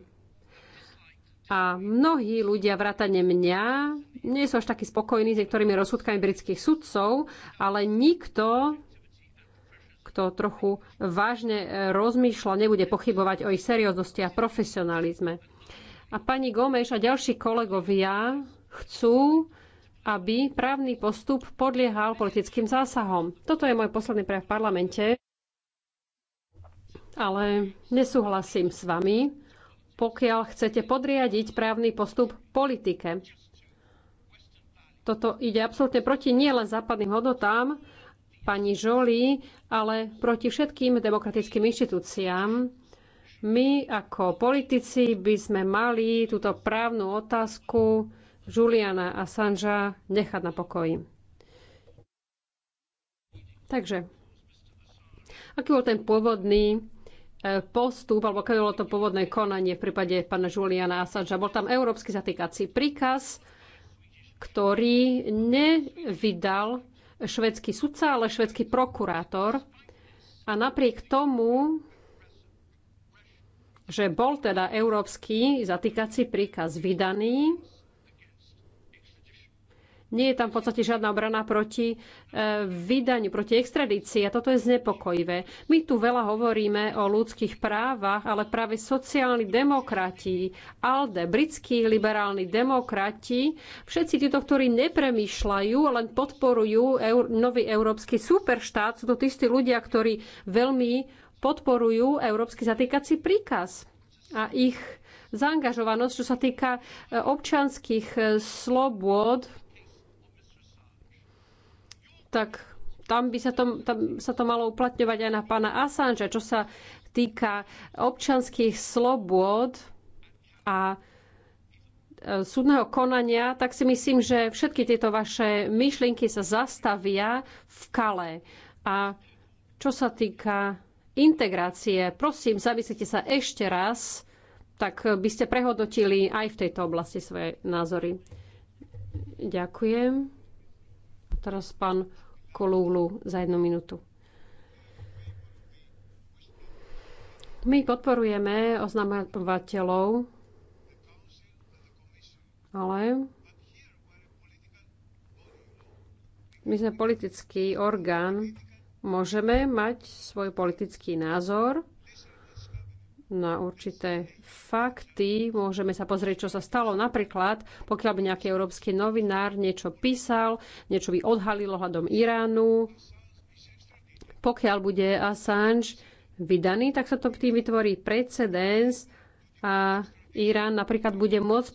A mnohí ľudia, vrátane mňa, nie sú až takí spokojní s niektorými rozsudkami britských sudcov, ale nikto, kto trochu vážne e, rozmýšľa, nebude pochybovať o ich serióznosti a profesionalizme. A pani Gomeš a ďalší kolegovia chcú, aby právny postup podliehal politickým zásahom. Toto je môj posledný prejav v parlamente, ale nesúhlasím s vami pokiaľ chcete podriadiť právny postup politike. Toto ide absolútne proti nielen západným hodnotám, pani Žoli, ale proti všetkým demokratickým inštitúciám. My ako politici by sme mali túto právnu otázku Juliana a Sanža nechať na pokoji. Takže, aký bol ten pôvodný E, postup, alebo keď bolo to pôvodné konanie v prípade pána Juliana Assange. Bol tam európsky zatýkací príkaz, ktorý nevydal švedský sudca, ale švedský prokurátor. A napriek tomu, že bol teda európsky zatýkací príkaz vydaný, nie je tam v podstate žiadna obrana proti e, vydaniu, proti extradícii a toto je znepokojivé. My tu veľa hovoríme o ľudských právach, ale práve sociálni demokrati, ALDE, britskí liberálni demokrati, všetci títo, ktorí nepremýšľajú, len podporujú nový európsky superštát, sú to tí ľudia, ktorí veľmi podporujú európsky zatýkací príkaz a ich zaangažovanosť, čo sa týka e, občanských e, slobôd tak tam by sa to, tam sa to malo uplatňovať aj na pána Assange, čo sa týka občanských slobôd a e, súdneho konania, tak si myslím, že všetky tieto vaše myšlienky sa zastavia v kale. A čo sa týka integrácie, prosím, zamyslite sa ešte raz, tak by ste prehodnotili aj v tejto oblasti svoje názory. Ďakujem. Teraz pán Kolúlu za jednu minútu. My podporujeme oznamovateľov, ale my sme politický orgán, môžeme mať svoj politický názor, na určité fakty. Môžeme sa pozrieť, čo sa stalo. Napríklad, pokiaľ by nejaký európsky novinár niečo písal, niečo by odhalilo hľadom Iránu, pokiaľ bude Assange vydaný, tak sa to tým vytvorí precedens a Irán napríklad bude môcť